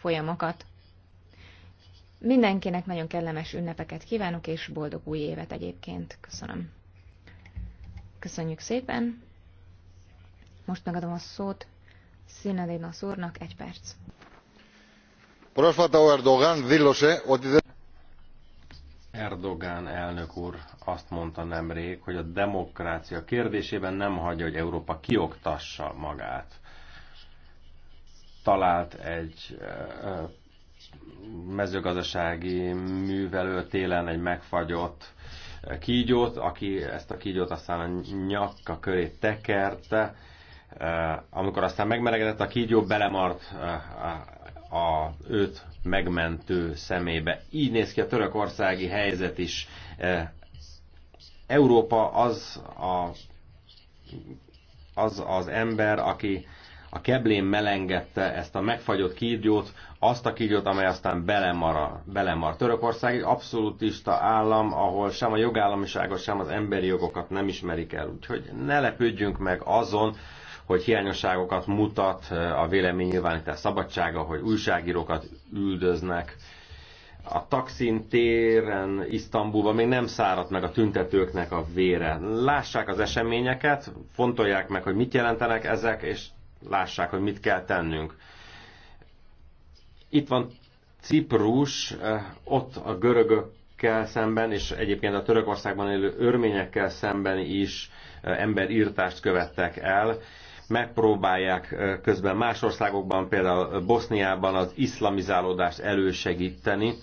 folyamokat. Mindenkinek nagyon kellemes ünnepeket kívánok, és boldog új évet egyébként. Köszönöm. Köszönjük szépen. Most megadom a szót Színedén az úrnak egy perc. Πρόσφατα Erdogan Ερντογάν δήλωσε elnök úr azt mondta nemrég, hogy a demokrácia kérdésében nem hagyja, hogy Európa kioktassa magát. Talált egy mezőgazdasági művelő télen egy megfagyott kígyót, aki ezt a kígyót aztán a nyakka köré tekerte, amikor aztán megmelegedett a kígyó, belemart a, a őt megmentő szemébe. Így néz ki a törökországi helyzet is. Európa az a, az, az ember, aki a keblén melengette ezt a megfagyott kígyót, azt a kígyót, amely aztán belemar. belemar. Törökország egy abszolútista állam, ahol sem a jogállamiságot, sem az emberi jogokat nem ismerik el. Úgyhogy ne lepődjünk meg azon, hogy hiányosságokat mutat eh, a véleménynyilvánítás szabadsága, hogy újságírókat üldöznek. A Taksim téren Isztambulban még nem száradt meg a tüntetőknek a vére. Lássák az eseményeket, fontolják meg, hogy mit jelentenek ezek, és lássák, hogy mit kell tennünk. Itt van Ciprus, eh, ott a görögökkel szemben, és egyébként a Törökországban élő örményekkel szemben is eh, emberírtást követtek el megpróbálják eh, közben más országokban, például Boszniában az iszlamizálódást elősegíteni.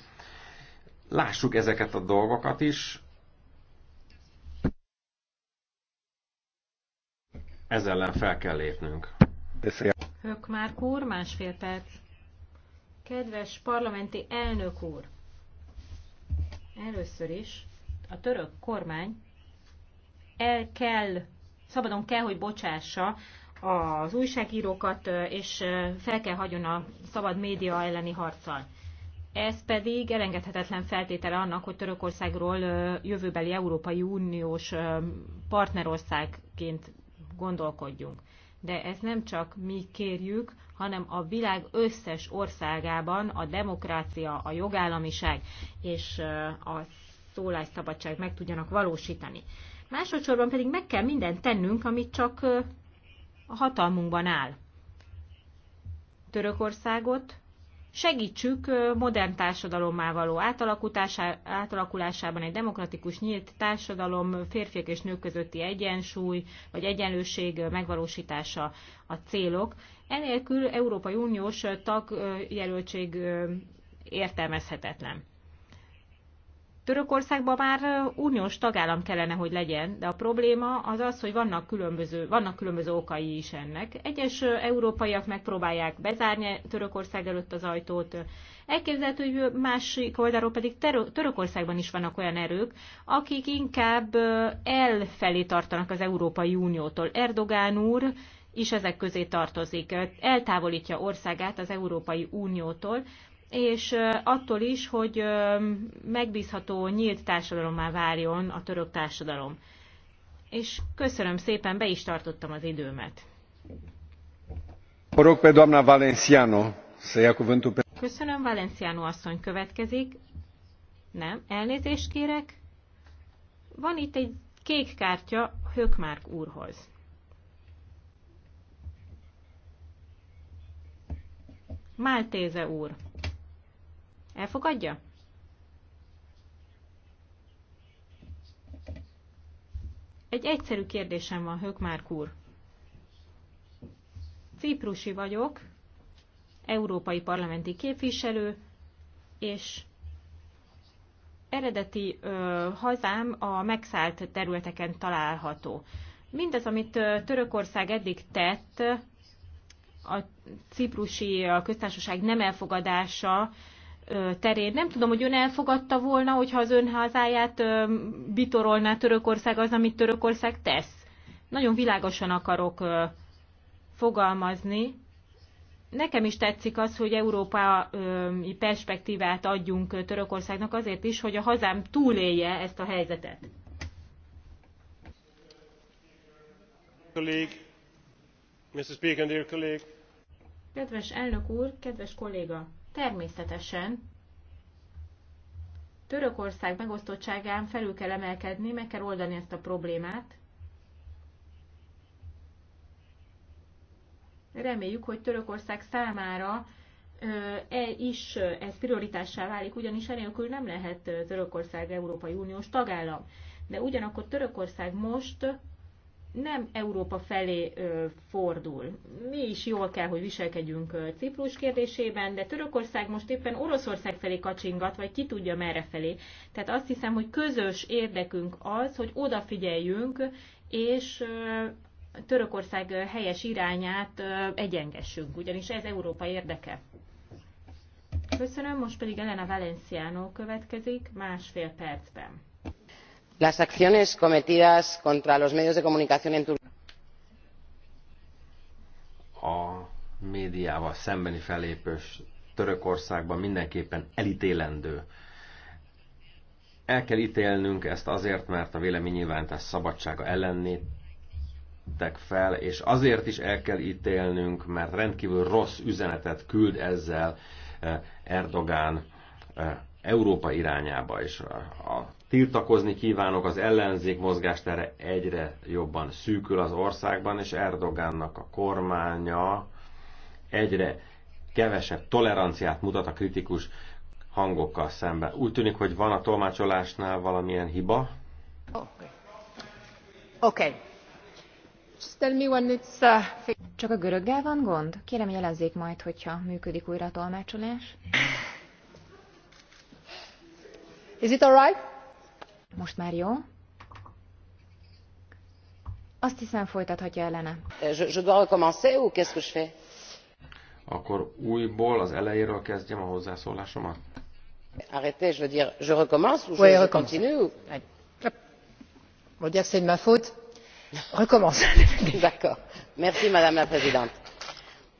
Lássuk ezeket a dolgokat is. Ezzel ellen fel kell lépnünk. Hökmárk úr, másfél perc. Kedves parlamenti elnök úr! Először is a török kormány el kell, szabadon kell, hogy bocsássa az újságírókat, és fel kell hagyjon a szabad média elleni harccal. Ez pedig elengedhetetlen feltétele annak, hogy Törökországról jövőbeli Európai Uniós partnerországként gondolkodjunk de ezt nem csak mi kérjük, hanem a világ összes országában a demokrácia, a jogállamiság és a szólásszabadság meg tudjanak valósítani. Másodszorban pedig meg kell mindent tennünk, amit csak a hatalmunkban áll. Törökországot segítsük modern társadalommá való átalakulásában egy demokratikus nyílt társadalom, férfiak és nők közötti egyensúly vagy egyenlőség megvalósítása a célok. Enélkül Európai Uniós tagjelöltség értelmezhetetlen. Törökországban már uniós tagállam kellene, hogy legyen, de a probléma az az, hogy vannak különböző, vannak különböző okai is ennek. Egyes európaiak megpróbálják bezárni Törökország előtt az ajtót. Elképzelhető, hogy másik oldalról pedig Törökországban is vannak olyan erők, akik inkább elfelé tartanak az Európai Uniótól. Erdogán úr is ezek közé tartozik. Eltávolítja országát az Európai Uniótól, és attól is, hogy megbízható, nyílt társadalommá várjon a török társadalom. És köszönöm szépen, be is tartottam az időmet. Valenciano Köszönöm, Valenciano asszony következik. Nem, elnézést kérek. Van itt egy kék kártya Hökmárk úrhoz. Máltéze úr. Elfogadja? Egy egyszerű kérdésem van, Hökmárk úr. Ciprusi vagyok, európai parlamenti képviselő, és eredeti ö, hazám a megszállt területeken található. Mindaz, amit Törökország eddig tett, a ciprusi köztársaság nem elfogadása terén. Nem tudom, hogy ön elfogadta volna, hogyha az ön hazáját bitorolná Törökország az, amit Törökország tesz. Nagyon világosan akarok fogalmazni. Nekem is tetszik az, hogy európai perspektívát adjunk Törökországnak azért is, hogy a hazám túlélje ezt a helyzetet. Kedves elnök úr, kedves kolléga! Természetesen Törökország megosztottságán felül kell emelkedni, meg kell oldani ezt a problémát. Reméljük, hogy Törökország számára e is ez prioritássá válik, ugyanis enélkül nem lehet Törökország Európai Uniós tagállam. De ugyanakkor Törökország most nem Európa felé fordul. Mi is jól kell, hogy viselkedjünk Ciprus kérdésében, de Törökország most éppen Oroszország felé kacsingat, vagy ki tudja merre felé. Tehát azt hiszem, hogy közös érdekünk az, hogy odafigyeljünk, és Törökország helyes irányát egyengessünk, ugyanis ez Európa érdeke. Köszönöm, most pedig Elena Valenciano következik másfél percben las acciones cometidas contra los medios de comunicación en Turquía. A médiával szembeni felépés Törökországban mindenképpen elítélendő. El kell ítélnünk ezt azért, mert a véleménynyilvántás szabadsága ellenné fel, és azért is el kell ítélnünk, mert rendkívül rossz üzenetet küld ezzel eh, Erdogán eh, Európa irányába, és a tiltakozni kívánok, az ellenzék mozgástere egyre jobban szűkül az országban, és Erdogánnak a kormánya egyre kevesebb toleranciát mutat a kritikus hangokkal szemben. Úgy tűnik, hogy van a tolmácsolásnál valamilyen hiba. Oh, Oké. okay. Just tell me when it's, uh, Csak a göröggel van gond? Kérem jelezzék majd, hogyha működik újra a tolmácsolás. Is it alright? Most már jó? Azt hiszem, folytathatja ellene. Euh, je, dois recommencer, ou qu'est-ce que je fais? Akkor újból az elejéről kezdjem a hozzászólásomat? Arrêtez, je veux dire, je recommence ou je, oui, je continue? Ou... On va dire c'est de ma faute. Recommence. D'accord. Merci, Madame la Présidente.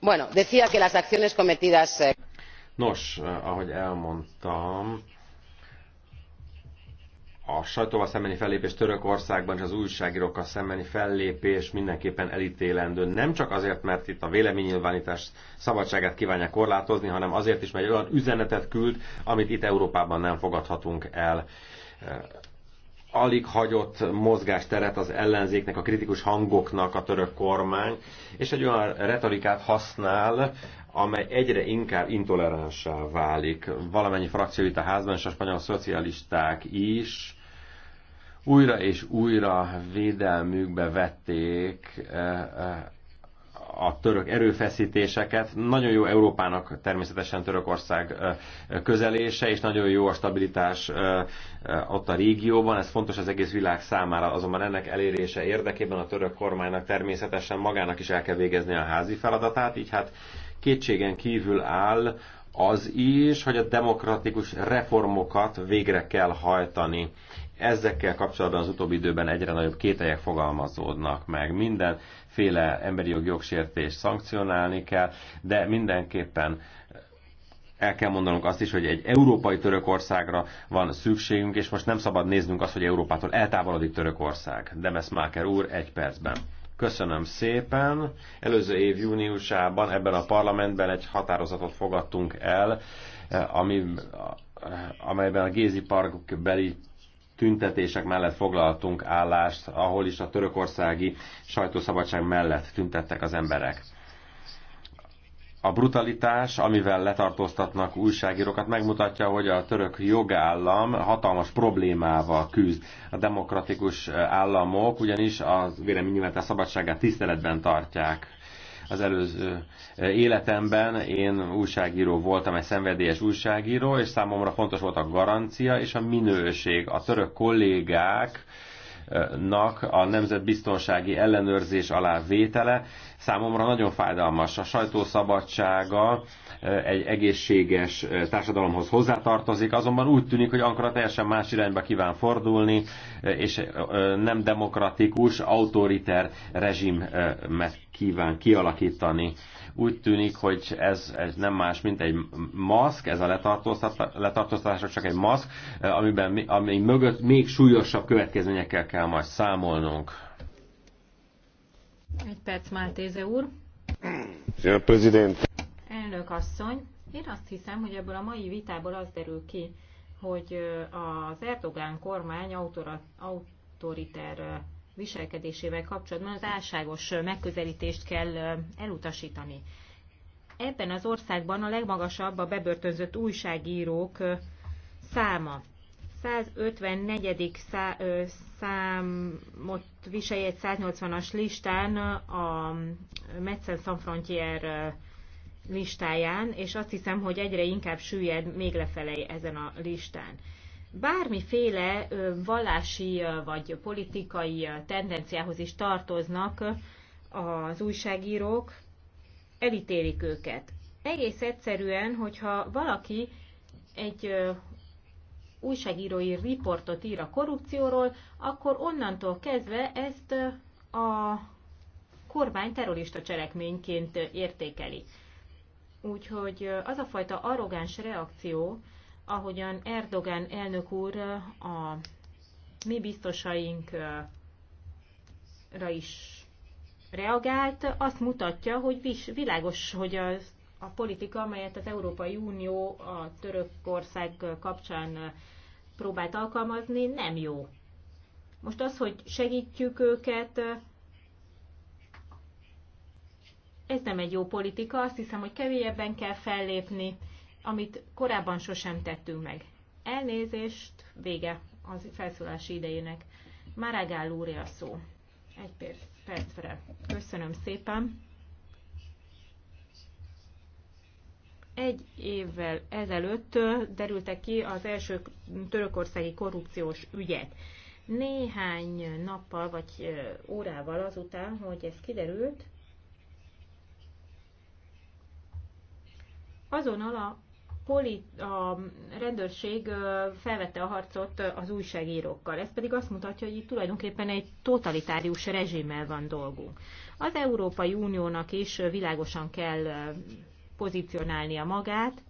Bueno, decía que las acciones cometidas... Eh, Nos, eh, ahogy elmondtam, a sajtóval szembeni fellépés Törökországban és az újságírókkal szembeni fellépés mindenképpen elítélendő. Nem csak azért, mert itt a véleménynyilvánítás szabadságát kívánják korlátozni, hanem azért is, mert egy olyan üzenetet küld, amit itt Európában nem fogadhatunk el. Eh, alig hagyott mozgásteret az ellenzéknek, a kritikus hangoknak a török kormány, és egy olyan retorikát használ, amely egyre inkább intoleránsá válik. Valamennyi frakció itt a házban, és a spanyol szocialisták is újra és újra védelmükbe vették eh, eh, a török erőfeszítéseket. Nagyon jó Európának természetesen Törökország eh, közelése, és nagyon jó a stabilitás ott a régióban. Ez fontos az egész világ számára, azonban ennek elérése érdekében a török kormánynak természetesen magának is el kell végezni a házi feladatát, így hát kétségen kívül áll az is, hogy a demokratikus reformokat végre kell hajtani Ezekkel kapcsolatban az utóbbi időben egyre nagyobb kételyek fogalmazódnak meg. Mindenféle emberi jog jogsértést szankcionálni kell, de mindenképpen el kell mondanunk azt is, hogy egy európai Törökországra van szükségünk, és most nem szabad néznünk azt, hogy Európától eltávolodik Törökország. Máker úr, egy percben. Köszönöm szépen. Előző év júniusában ebben a parlamentben egy határozatot fogadtunk el, eh, ami, amelyben a Gézi Park beli tüntetések mellett foglaltunk állást, ahol is a törökországi sajtószabadság mellett tüntettek az emberek. A brutalitás, amivel letartóztatnak újságírókat, megmutatja, hogy a török jogállam hatalmas problémával küzd. A demokratikus államok ugyanis a véleménynyilvántás szabadságát tiszteletben tartják az előző életemben én újságíró voltam, egy szenvedélyes újságíró, és számomra fontos volt a garancia és a minőség. A török kollégák nak a nemzetbiztonsági ellenőrzés alá vétele számomra nagyon fájdalmas. A sajtószabadsága egy egészséges társadalomhoz hozzátartozik, azonban úgy tűnik, hogy Ankara teljesen más irányba kíván fordulni, és nem demokratikus, autoriter rezsimet kíván kialakítani. Úgy tűnik, hogy ez, ez nem más, mint egy maszk, ez a letartóztatás, csak egy maszk, amiben, ami mögött még súlyosabb következményekkel kell majd számolnunk. Egy perc, Máltéze úr. Señor prezident. Elnök asszony, én azt hiszem, hogy ebből a mai vitából az derül ki, hogy az Erdogán kormány autora, autoriter viselkedésével kapcsolatban az álságos megközelítést kell elutasítani. Ebben az országban a legmagasabb a bebörtönzött újságírók száma. 154. számot viselj egy 180-as listán a metzen San Frontier listáján, és azt hiszem, hogy egyre inkább süllyed még lefelé ezen a listán bármiféle vallási vagy politikai tendenciához is tartoznak az újságírók, elítélik őket. Egész egyszerűen, hogyha valaki egy újságírói riportot ír a korrupcióról, akkor onnantól kezdve ezt a kormány terrorista cselekményként értékeli. Úgyhogy az a fajta arrogáns reakció, ahogyan Erdogan elnök úr a mi biztosainkra is reagált, azt mutatja, hogy világos, hogy az a politika, amelyet az Európai Unió a Törökország kapcsán próbált alkalmazni, nem jó. Most az, hogy segítjük őket, ez nem egy jó politika, azt hiszem, hogy kevélyebben kell fellépni, amit korábban sosem tettünk meg. Elnézést, vége az felszólási idejének. Maragall úré a szó. Egy percre. Köszönöm szépen. Egy évvel ezelőtt derültek ki az első törökországi korrupciós ügyet. Néhány nappal vagy órával azután, hogy ez kiderült, azonnal a polit, a rendőrség felvette a harcot az újságírókkal. Ez pedig azt mutatja, hogy itt tulajdonképpen egy totalitárius rezsimmel van dolgunk. Az Európai Uniónak is világosan kell pozícionálnia magát,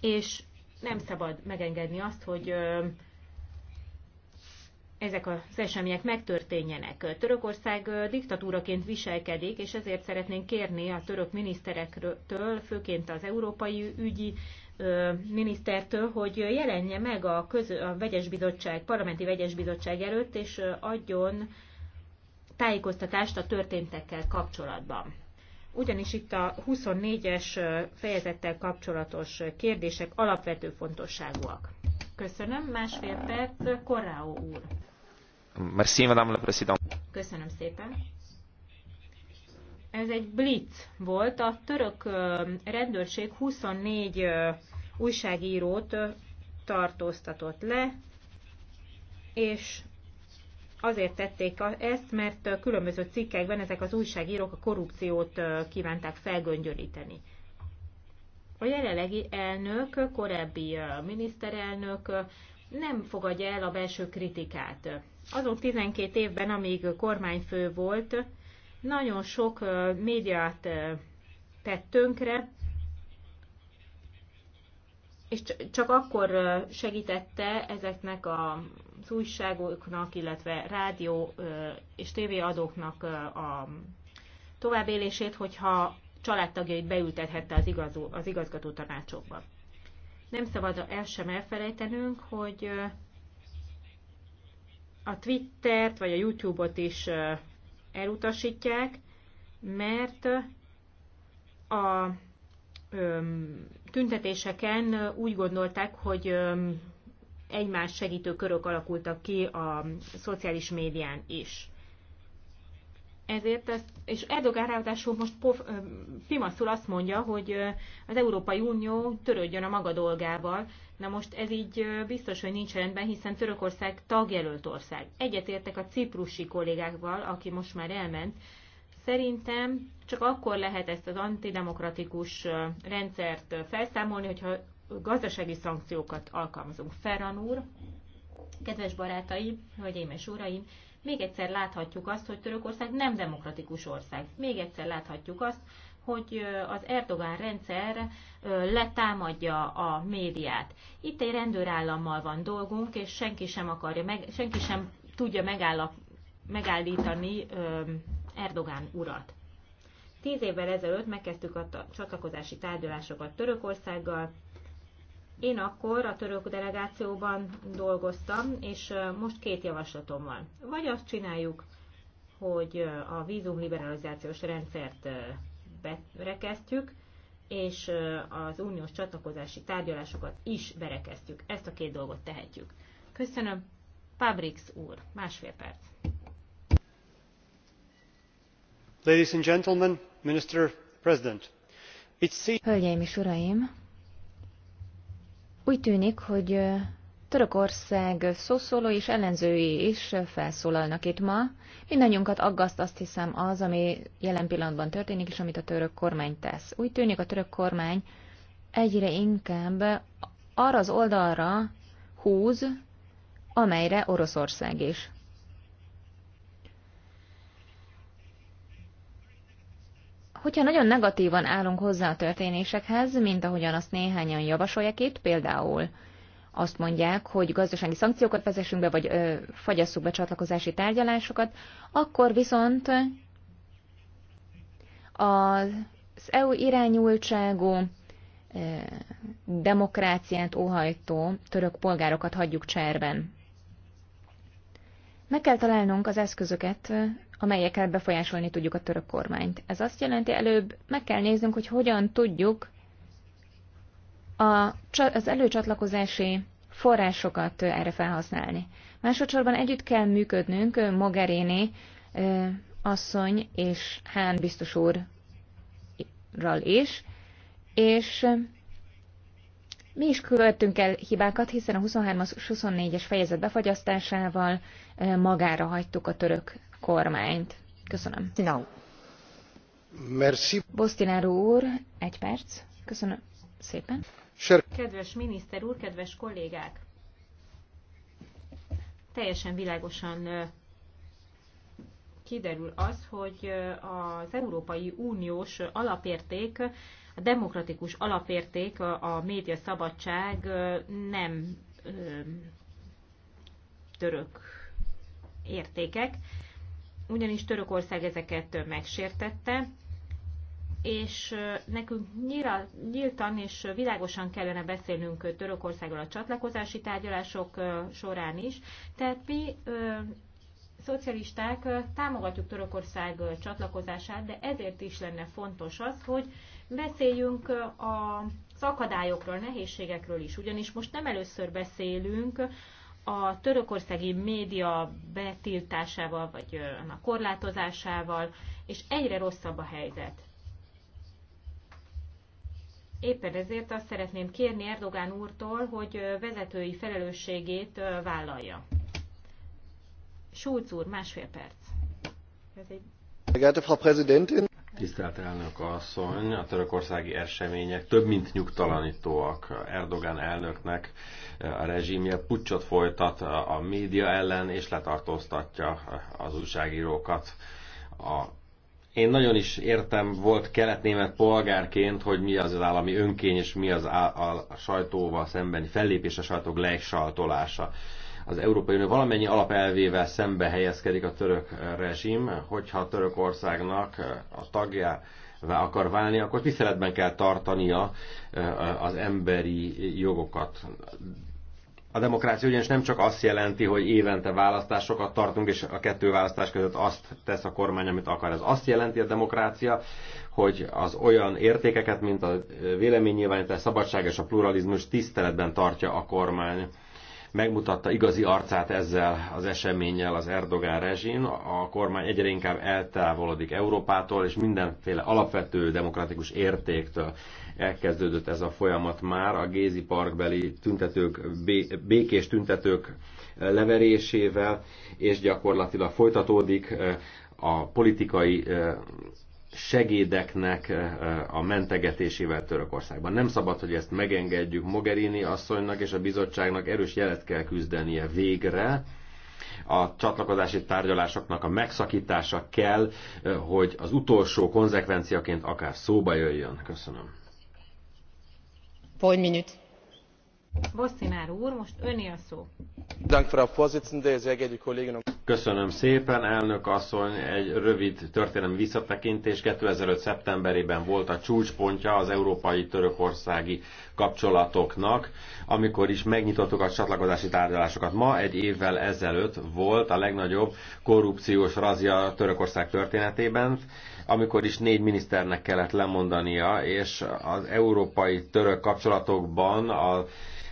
és nem szabad megengedni azt, hogy ezek az események megtörténjenek. Törökország diktatúraként viselkedik, és ezért szeretnénk kérni a török miniszterektől, főként az európai ügyi minisztertől, hogy jelenje meg a, közö, a vegyes bizottság, parlamenti vegyes bizottság előtt, és adjon tájékoztatást a történtekkel kapcsolatban. Ugyanis itt a 24-es fejezettel kapcsolatos kérdések alapvető fontosságúak. Köszönöm. Másfél perc, Koráó úr. Merci, Madame la Présidente. Köszönöm szépen. Ez egy blitz volt. A török rendőrség 24 újságírót tartóztatott le, és azért tették ezt, mert különböző cikkekben ezek az újságírók a korrupciót kívánták felgöngyölíteni. A jelenlegi elnök, korábbi miniszterelnök nem fogadja el a belső kritikát azon 12 évben, amíg kormányfő volt, nagyon sok médiát tett tönkre, és csak akkor segítette ezeknek az újságoknak, illetve rádió és tévéadóknak a továbbélését, hogyha családtagjait beültethette az, igazó, az igazgató tanácsokba. Nem szabad el sem elfelejtenünk, hogy a Twittert vagy a YouTube-ot is elutasítják, mert a tüntetéseken úgy gondolták, hogy egymás segítő körök alakultak ki a szociális médián is ezért ezt, és Erdogan ráadásul most pof, Pimaszul azt mondja, hogy az Európai Unió törődjön a maga dolgával. Na most ez így biztos, hogy nincs rendben, hiszen Törökország tagjelölt ország. Egyetértek a ciprusi kollégákval, aki most már elment. Szerintem csak akkor lehet ezt az antidemokratikus rendszert felszámolni, hogyha gazdasági szankciókat alkalmazunk. Ferran úr, kedves barátaim, hölgyeim és uraim, még egyszer láthatjuk azt, hogy Törökország nem demokratikus ország. Még egyszer láthatjuk azt, hogy az Erdogán rendszer letámadja a médiát. Itt egy rendőrállammal van dolgunk, és senki sem akarja, meg, senki sem tudja megállap, megállítani Erdogán urat. Tíz évvel ezelőtt megkezdtük a csatlakozási tárgyalásokat Törökországgal, én akkor a török delegációban dolgoztam, és most két javaslatom van. Vagy azt csináljuk, hogy a vízumliberalizációs rendszert berekesztjük, és az uniós csatlakozási tárgyalásokat is berekeztjük. Ezt a két dolgot tehetjük. Köszönöm. Pabrix úr, másfél perc. Ladies and gentlemen, Minister, President. Hölgyeim és uraim, úgy tűnik, hogy Törökország szószóló és ellenzői is felszólalnak itt ma. Mindannyiunkat aggaszt azt hiszem az, ami jelen pillanatban történik, és amit a török kormány tesz. Úgy tűnik a török kormány egyre inkább arra az oldalra húz, amelyre Oroszország is. Hogyha nagyon negatívan állunk hozzá a történésekhez, mint ahogyan azt néhányan javasolják itt, például azt mondják, hogy gazdasági szankciókat vezessünk be, vagy ö, fagyasszuk be csatlakozási tárgyalásokat, akkor viszont az EU irányultságú ö, demokráciát óhajtó török polgárokat hagyjuk cserben. Meg kell találnunk az eszközöket amelyekkel befolyásolni tudjuk a török kormányt. Ez azt jelenti, előbb meg kell néznünk, hogy hogyan tudjuk a, az előcsatlakozási forrásokat eh, erre felhasználni. Másodszorban együtt kell működnünk eh, Mogherini eh, asszony és Hán biztos úrral is, és mi is követtünk el hibákat, hiszen a 23-as 24-es fejezet befagyasztásával magára hagytuk a török kormányt. Köszönöm. No. Merci. Bosztináró úr, egy perc. Köszönöm szépen. Sure. Kedves miniszter úr, kedves kollégák! Teljesen világosan kiderül az, hogy az Európai Uniós alapérték, a demokratikus alapérték, a média szabadság nem török értékek, ugyanis Törökország ezeket megsértette, és nekünk nyíltan és világosan kellene beszélnünk Törökországról a csatlakozási tárgyalások során is. Tehát mi szocialisták támogatjuk Törökország csatlakozását, de ezért is lenne fontos az, hogy beszéljünk a szakadályokról, nehézségekről is, ugyanis most nem először beszélünk a törökországi média betiltásával, vagy a korlátozásával, és egyre rosszabb a helyzet. Éppen ezért azt szeretném kérni Erdogán úrtól, hogy vezetői felelősségét vállalja. Schulz úr, másfél perc. Ez egy... Tisztelt elnök asszony, a törökországi események több mint nyugtalanítóak. Erdogan elnöknek a rezsimje pucsot folytat a média ellen, és letartóztatja az újságírókat. A én nagyon is értem, volt keletnémet polgárként, hogy mi az az állami önkény, és mi az a, a sajtóval szembeni fellépés, a sajtók lejsaltolása az Európai Unió valamennyi alapelvével szembe helyezkedik a török eh, rezsim, hogyha Törökországnak eh, a tagjá akar válni, akkor tiszteletben kell tartania eh, az emberi jogokat. A demokrácia ugyanis nem csak azt jelenti, hogy évente választásokat tartunk, és a kettő választás között azt tesz a kormány, amit akar. Ez azt jelenti a demokrácia, hogy az olyan értékeket, mint a véleménynyilvánítás, szabadság és a pluralizmus tiszteletben tartja a kormány megmutatta igazi arcát ezzel az eseménnyel az Erdogán rezsin. A kormány egyre inkább eltávolodik Európától és mindenféle alapvető demokratikus értéktől. Elkezdődött ez a folyamat már a Gézi parkbeli tüntetők, békés tüntetők leverésével, és gyakorlatilag folytatódik eh, a politikai eh, segédeknek eh, eh, a mentegetésével Törökországban. Nem szabad, hogy ezt megengedjük Mogherini asszonynak és a bizottságnak erős jelet kell küzdenie végre. A csatlakozási tárgyalásoknak a megszakítása kell, eh, hogy az utolsó konzekvenciaként akár szóba jöjjön. Köszönöm. One minut. Bosszinár úr, most öné a szó. Köszönöm szépen, elnök asszony. Egy rövid történelmi visszatekintés. 2005. szeptemberében volt a csúcspontja az európai törökországi kapcsolatoknak, amikor is megnyitottuk a csatlakozási tárgyalásokat. Ma egy évvel ezelőtt volt a legnagyobb korrupciós razia Törökország történetében amikor is négy miniszternek kellett lemondania, és az európai török kapcsolatokban a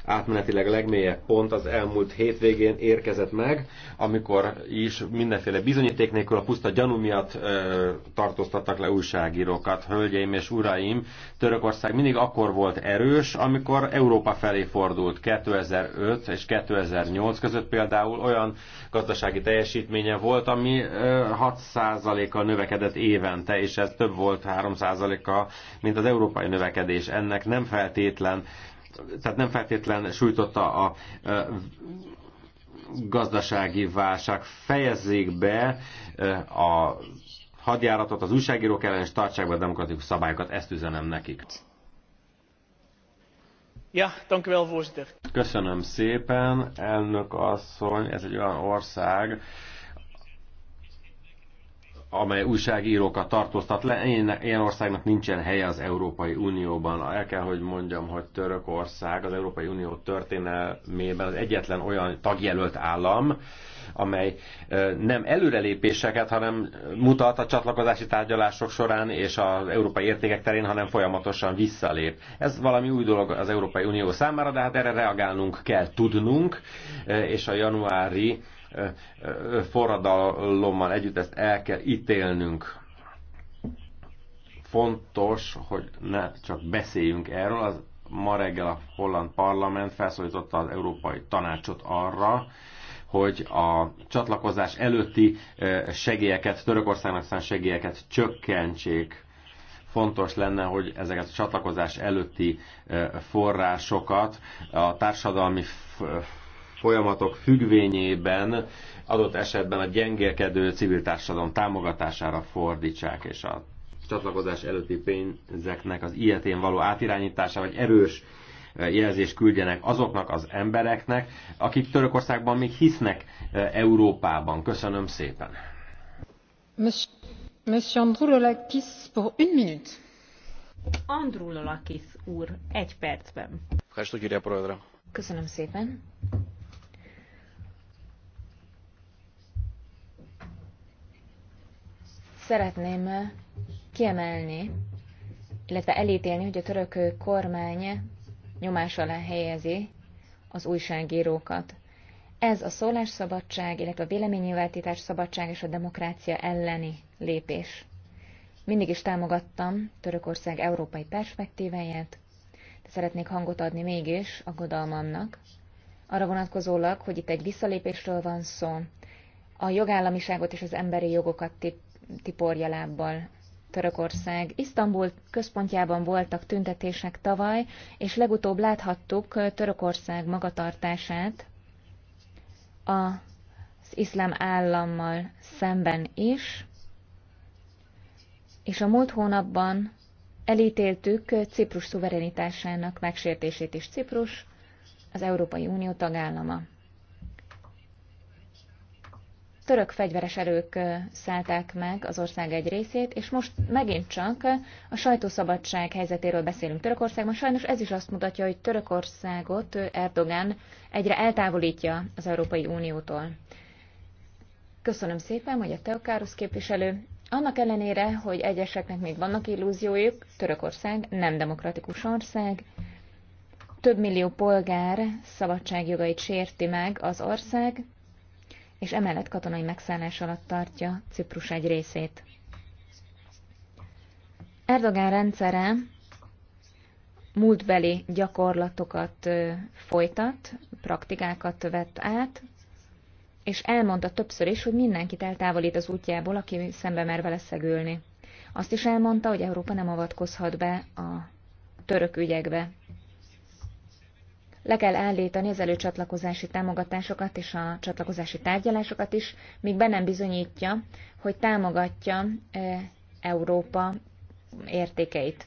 átmenetileg legmélyebb pont az elmúlt hétvégén érkezett meg, amikor is mindenféle bizonyíték nélkül a puszta gyanú miatt ö, tartóztattak le újságírókat. Hölgyeim és uraim, Törökország mindig akkor volt erős, amikor Európa felé fordult 2005 és 2008 között például olyan gazdasági teljesítménye volt, ami 6%-kal növekedett évente, és ez több volt 3%-kal, mint az európai növekedés. Ennek nem feltétlen tehát nem feltétlen sújtotta a gazdasági válság. Fejezzék be a hadjáratot az újságírók ellen, és tartsák be a demokratikus szabályokat. Ezt üzenem nekik. Ja, dank u wel, Köszönöm szépen, elnök asszony. Ez egy olyan ország, amely újságírókat tartóztat le. Ilyen, országnak nincsen helye az Európai Unióban. El kell, hogy mondjam, hogy Törökország az Európai Unió történelmében az egyetlen olyan tagjelölt állam, amely nem előrelépéseket, hanem mutat a csatlakozási tárgyalások során és az európai értékek terén, hanem folyamatosan visszalép. Ez valami új dolog az Európai Unió számára, de hát erre reagálnunk kell tudnunk, és a januári forradalommal együtt ezt el kell ítélnünk. Fontos, hogy ne csak beszéljünk erről, az ma reggel a holland parlament felszólította az Európai Tanácsot arra, hogy a csatlakozás előtti e, segélyeket, Törökországnak szánt segélyeket csökkentsék. Fontos lenne, hogy ezeket a csatlakozás előtti e, forrásokat a társadalmi folyamatok függvényében adott esetben a gyengélkedő civil társadalom támogatására fordítsák, és a csatlakozás előtti pénzeknek az ilyetén való átirányítása, vagy erős eh, jelzés küldjenek azoknak az embereknek, akik Törökországban még hisznek eh, Európában. Köszönöm szépen. Monsieur Androulakis, pour une minute. Androulakis úr, egy percben. Köszönöm szépen. Szeretném eh, kiemelni, illetve elítélni, hogy a török eh, kormány nyomás alá helyezi az újságírókat. Ez a szólásszabadság, illetve a véleménynyilvánítás szabadság és a demokrácia elleni lépés. Mindig is támogattam Törökország európai perspektíváját, de szeretnék hangot adni mégis a godalmamnak. Arra vonatkozólag, hogy itt egy visszalépésről van szó, a jogállamiságot és az emberi jogokat tip tiporjalábbal Törökország. Isztambul központjában voltak tüntetések tavaly, és legutóbb láthattuk Törökország magatartását az iszlám állammal szemben is, és a múlt hónapban elítéltük Ciprus szuverenitásának megsértését is Ciprus, az Európai Unió tagállama török fegyveres erők szállták meg az ország egy részét, és most megint csak a sajtószabadság helyzetéről beszélünk Törökországban. Sajnos ez is azt mutatja, hogy Törökországot Erdogan egyre eltávolítja az Európai Uniótól. Köszönöm szépen, hogy a Teokárusz képviselő. Annak ellenére, hogy egyeseknek még vannak illúziójuk, Törökország nem demokratikus ország, több millió polgár szabadságjogait sérti meg az ország, és emellett katonai megszállás alatt tartja Ciprus egy részét. Erdogán rendszere múltbeli gyakorlatokat folytat, praktikákat vett át, és elmondta többször is, hogy mindenkit eltávolít az útjából, aki szembe mer vele szegülni. Azt is elmondta, hogy Európa nem avatkozhat be a török ügyekbe le kell állítani az előcsatlakozási támogatásokat és a csatlakozási tárgyalásokat is, míg be nem bizonyítja, hogy támogatja e, Európa értékeit.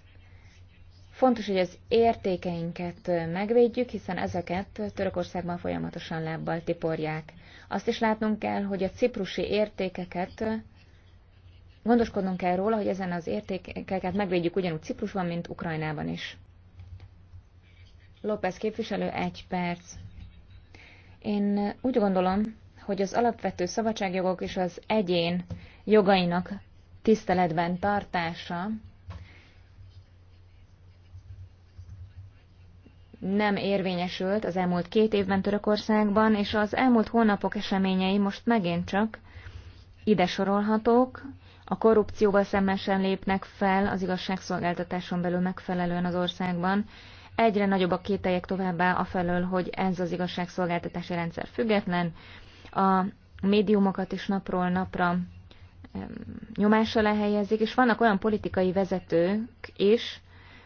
Fontos, hogy az értékeinket e, megvédjük, hiszen ezeket Törökországban folyamatosan lábbal tiporják. Azt is látnunk kell, hogy a ciprusi értékeket e, gondoskodnunk kell róla, hogy ezen az értékeket megvédjük ugyanúgy Ciprusban, mint Ukrajnában is. López képviselő, egy perc. Én úgy gondolom, hogy az alapvető szabadságjogok és az egyén jogainak tiszteletben tartása nem érvényesült az elmúlt két évben Törökországban, és az elmúlt hónapok eseményei most megint csak ide sorolhatók, a korrupcióval szemben sem lépnek fel az igazságszolgáltatáson belül megfelelően az országban, Egyre nagyobb a kételjek továbbá felől, hogy ez az igazságszolgáltatási rendszer független, a médiumokat is napról napra nyomás alá helyezik, és vannak olyan politikai vezetők is,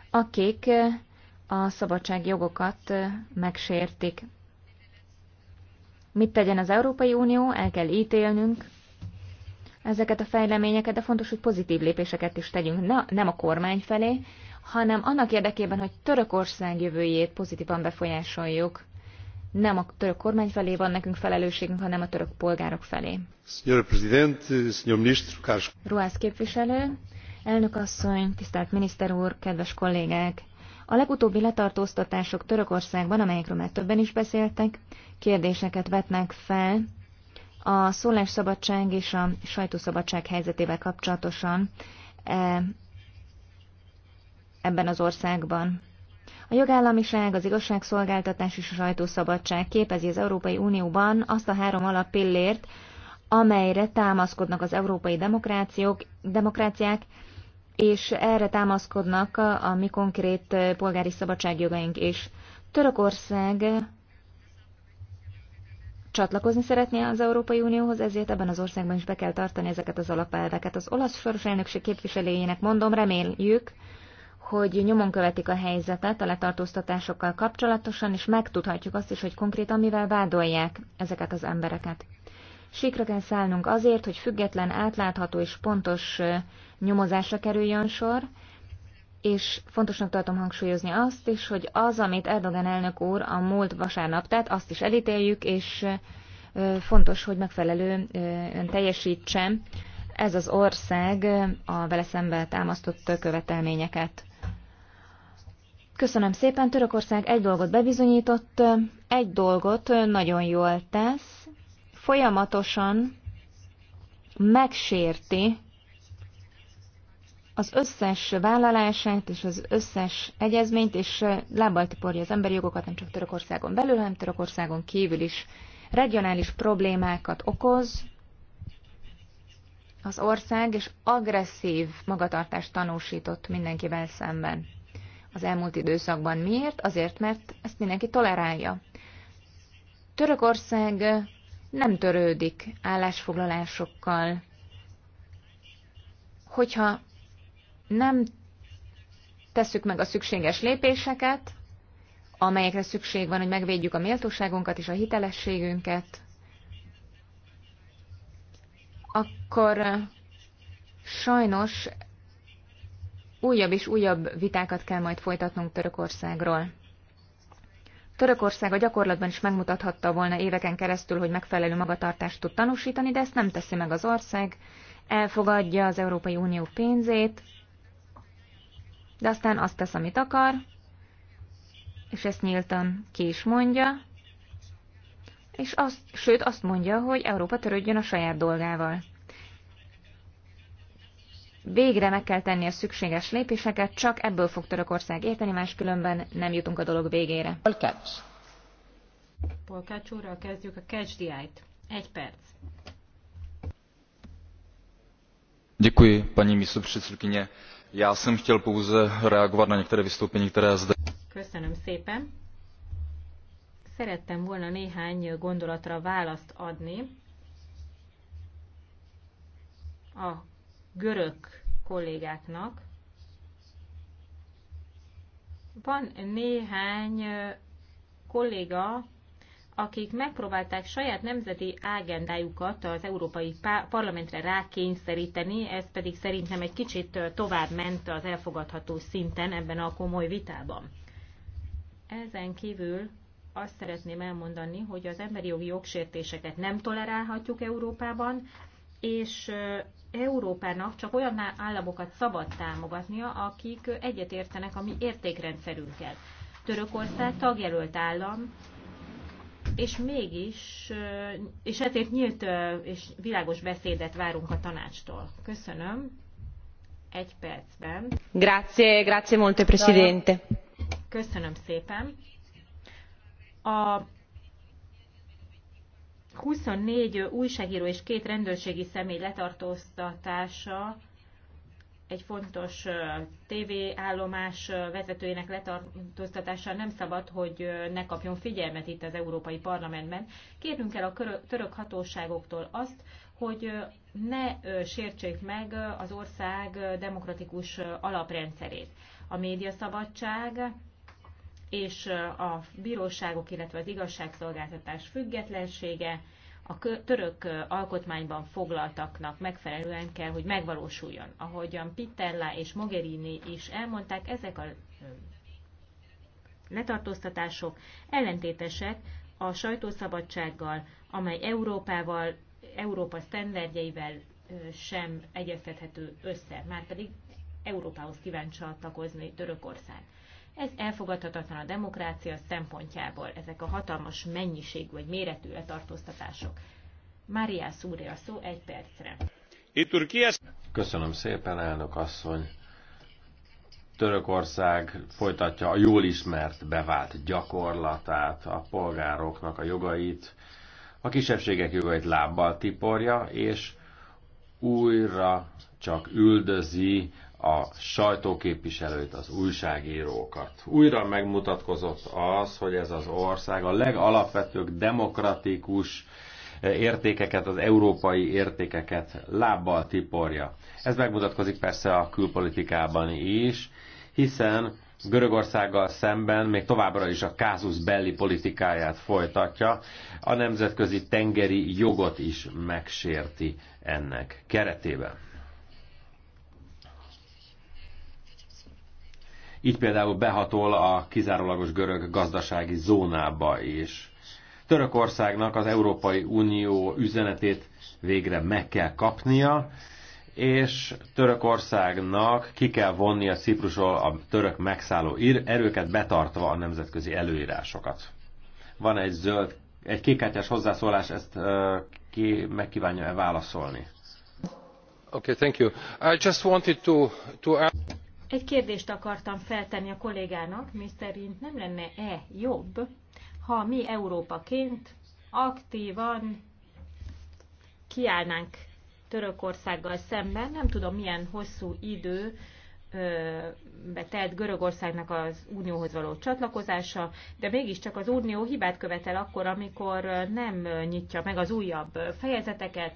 akik eh, a szabadságjogokat eh, megsértik. Mit tegyen az Európai Unió? El kell ítélnünk ezeket a fejleményeket, de fontos, hogy pozitív lépéseket is tegyünk. Na, nem a kormány felé, hanem annak érdekében, hogy Törökország jövőjét pozitívan befolyásoljuk. Nem a török kormány felé van nekünk felelősségünk, hanem a török polgárok felé. Ruász képviselő, elnök asszony, tisztelt miniszter úr, kedves kollégák! A legutóbbi letartóztatások Törökországban, amelyekről már többen is beszéltek, kérdéseket vetnek fel a szólásszabadság és a sajtószabadság helyzetével kapcsolatosan. E, ebben az országban. A jogállamiság, az igazságszolgáltatás és a sajtószabadság képezi az Európai Unióban azt a három alappillért, amelyre támaszkodnak az európai demokrációk, demokráciák, és erre támaszkodnak a, a mi konkrét polgári szabadságjogaink is. Törökország csatlakozni szeretné az Európai Unióhoz, ezért ebben az országban is be kell tartani ezeket az alapelveket. Az olasz soros elnökség képviselőjének mondom, reméljük, hogy nyomon követik a helyzetet a letartóztatásokkal kapcsolatosan, és megtudhatjuk azt is, hogy konkrétan mivel vádolják ezeket az embereket. Sikra kell szállnunk azért, hogy független, átlátható és pontos nyomozásra kerüljön sor, és fontosnak tartom hangsúlyozni azt is, hogy az, amit Erdogan elnök úr a múlt vasárnap tett, azt is elítéljük, és fontos, hogy megfelelően teljesítse ez az ország a vele szembe támasztott követelményeket. Köszönöm szépen, Törökország egy dolgot bebizonyított, egy dolgot nagyon jól tesz, folyamatosan megsérti az összes vállalását és az összes egyezményt, és lábbal tiporja az emberi jogokat nem csak Törökországon belül, hanem Törökországon kívül is. Regionális problémákat okoz az ország, és agresszív magatartást tanúsított mindenkivel szemben az elmúlt időszakban. Miért? Azért, mert ezt mindenki tolerálja. Törökország nem törődik állásfoglalásokkal. Hogyha nem tesszük meg a szükséges lépéseket, amelyekre szükség van, hogy megvédjük a méltóságunkat és a hitelességünket, akkor sajnos újabb és újabb vitákat kell majd folytatnunk Törökországról. Törökország a gyakorlatban is megmutathatta volna éveken keresztül, hogy megfelelő magatartást tud tanúsítani, de ezt nem teszi meg az ország, elfogadja az Európai Unió pénzét, de aztán azt tesz, amit akar, és ezt nyíltan ki is mondja, és azt, sőt azt mondja, hogy Európa törődjön a saját dolgával. Végre meg kell tenni a szükséges lépéseket, csak ebből fog Törökország érteni, máskülönben nem jutunk a dolog végére. Polkács. Polkács úrral kezdjük a Catch the Eye-t. Egy perc. Děkuji, paní místopředsedkyně. Já jsem chtěl pouze reagovat na některé vystoupení, které zde... Köszönöm szépen. Szerettem volna néhány gondolatra választ adni a görög kollégáknak. Van néhány kolléga, akik megpróbálták saját nemzeti ágendájukat az Európai Parlamentre rákényszeríteni, ez pedig szerintem egy kicsit tovább ment az elfogadható szinten ebben a komoly vitában. Ezen kívül azt szeretném elmondani, hogy az emberi jogi jogsértéseket nem tolerálhatjuk Európában, és Európának csak olyan államokat szabad támogatnia, akik egyetértenek a mi értékrendszerünkkel. Törökország tagjelölt állam, és mégis, és ezért nyílt és világos beszédet várunk a tanácstól. Köszönöm. Egy percben. Grazie, grazie molto, Presidente. Köszönöm szépen. A 24 újságíró és két rendőrségi személy letartóztatása egy fontos tévéállomás vezetőjének letartóztatása nem szabad, hogy ne kapjon figyelmet itt az Európai Parlamentben. Kérünk el a török hatóságoktól azt, hogy ne sértsék meg az ország demokratikus alaprendszerét. A médiaszabadság és a bíróságok, illetve az igazságszolgáltatás függetlensége a török alkotmányban foglaltaknak megfelelően kell, hogy megvalósuljon. Ahogyan Pittella és Mogherini is elmondták, ezek a letartóztatások ellentétesek a sajtószabadsággal, amely Európával, Európa sztenderdjeivel sem egyeztethető össze, már pedig Európához kíváncsi csatlakozni Törökország. Ez elfogadhatatlan a demokrácia szempontjából, ezek a hatalmas mennyiség vagy méretű letartóztatások. Máriás Szúré a szó egy percre. Köszönöm szépen, elnök asszony. Törökország folytatja a jól ismert, bevált gyakorlatát, a polgároknak a jogait, a kisebbségek jogait lábbal tiporja, és újra csak üldözi a sajtóképviselőt, az újságírókat. Újra megmutatkozott az, hogy ez az ország a legalapvetőbb demokratikus eh, értékeket, az európai értékeket lábbal tiporja. Ez megmutatkozik persze a külpolitikában is, hiszen Görögországgal szemben még továbbra is a kázusz belli politikáját folytatja, a nemzetközi tengeri jogot is megsérti ennek keretében. Így például behatol a kizárólagos görög gazdasági zónába is. Törökországnak az Európai Unió üzenetét végre meg kell kapnia, és Törökországnak ki kell vonni a Ciprusról a török megszálló erőket, betartva a nemzetközi előírásokat. Van egy zöld, egy kékkártyás hozzászólás, ezt uh, ki megkívánja-e válaszolni? Okay, thank you. I just wanted to, to ask... Egy kérdést akartam feltenni a kollégának, miszerint nem lenne-e jobb, ha mi Európaként aktívan kiállnánk Törökországgal szemben, nem tudom milyen hosszú idő betelt Görögországnak az unióhoz való csatlakozása, de mégiscsak az unió hibát követel akkor, amikor nem nyitja meg az újabb fejezeteket,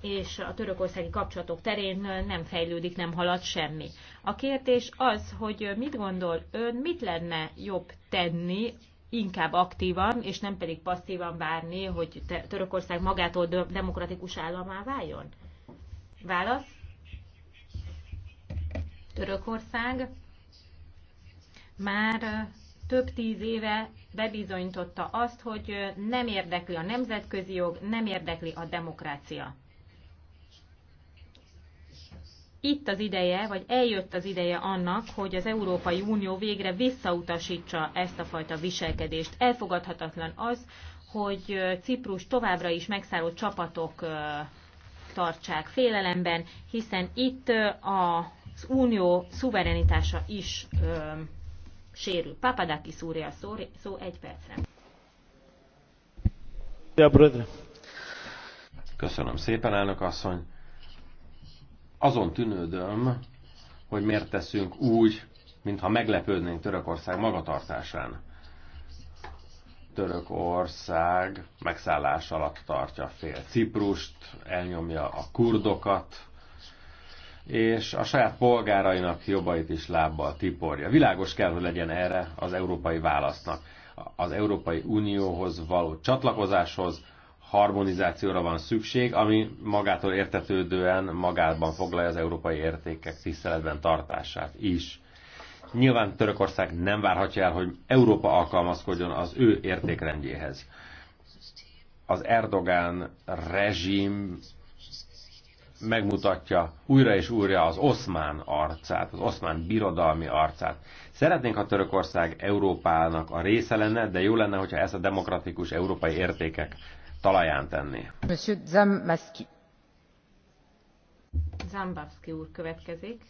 és a törökországi kapcsolatok terén nem fejlődik, nem halad semmi. A kérdés az, hogy mit gondol ön, mit lenne jobb tenni, inkább aktívan, és nem pedig passzívan várni, hogy Törökország magától demokratikus államá váljon? Válasz? Törökország már több tíz éve bebizonyította azt, hogy nem érdekli a nemzetközi jog, nem érdekli a demokrácia itt az ideje, vagy eljött az ideje annak, hogy az Európai Unió végre visszautasítsa ezt a fajta viselkedést. Elfogadhatatlan az, hogy Ciprus továbbra is megszálló csapatok tartsák félelemben, hiszen itt az unió szuverenitása is sérül. Papadaki szúrja a szó, szó egy percre. Köszönöm szépen, elnök asszony azon tűnődöm, hogy miért teszünk úgy, mintha meglepődnénk Törökország magatartásán. Törökország megszállás alatt tartja fél Ciprust, elnyomja a kurdokat, és a saját polgárainak jobbait is lábbal tiporja. Világos kell, hogy legyen erre az európai válasznak. Az Európai Unióhoz való csatlakozáshoz harmonizációra van szükség, ami magától értetődően magában foglalja az európai értékek tiszteletben tartását is. Nyilván Törökország nem várhatja el, hogy Európa alkalmazkodjon az ő értékrendjéhez. Az Erdogán rezsim megmutatja újra és újra az oszmán arcát, az oszmán birodalmi arcát. Szeretnénk, ha Törökország Európának a része lenne, de jó lenne, hogyha ezt a demokratikus európai értékek talaján tenni. Zambaszki. úr következik.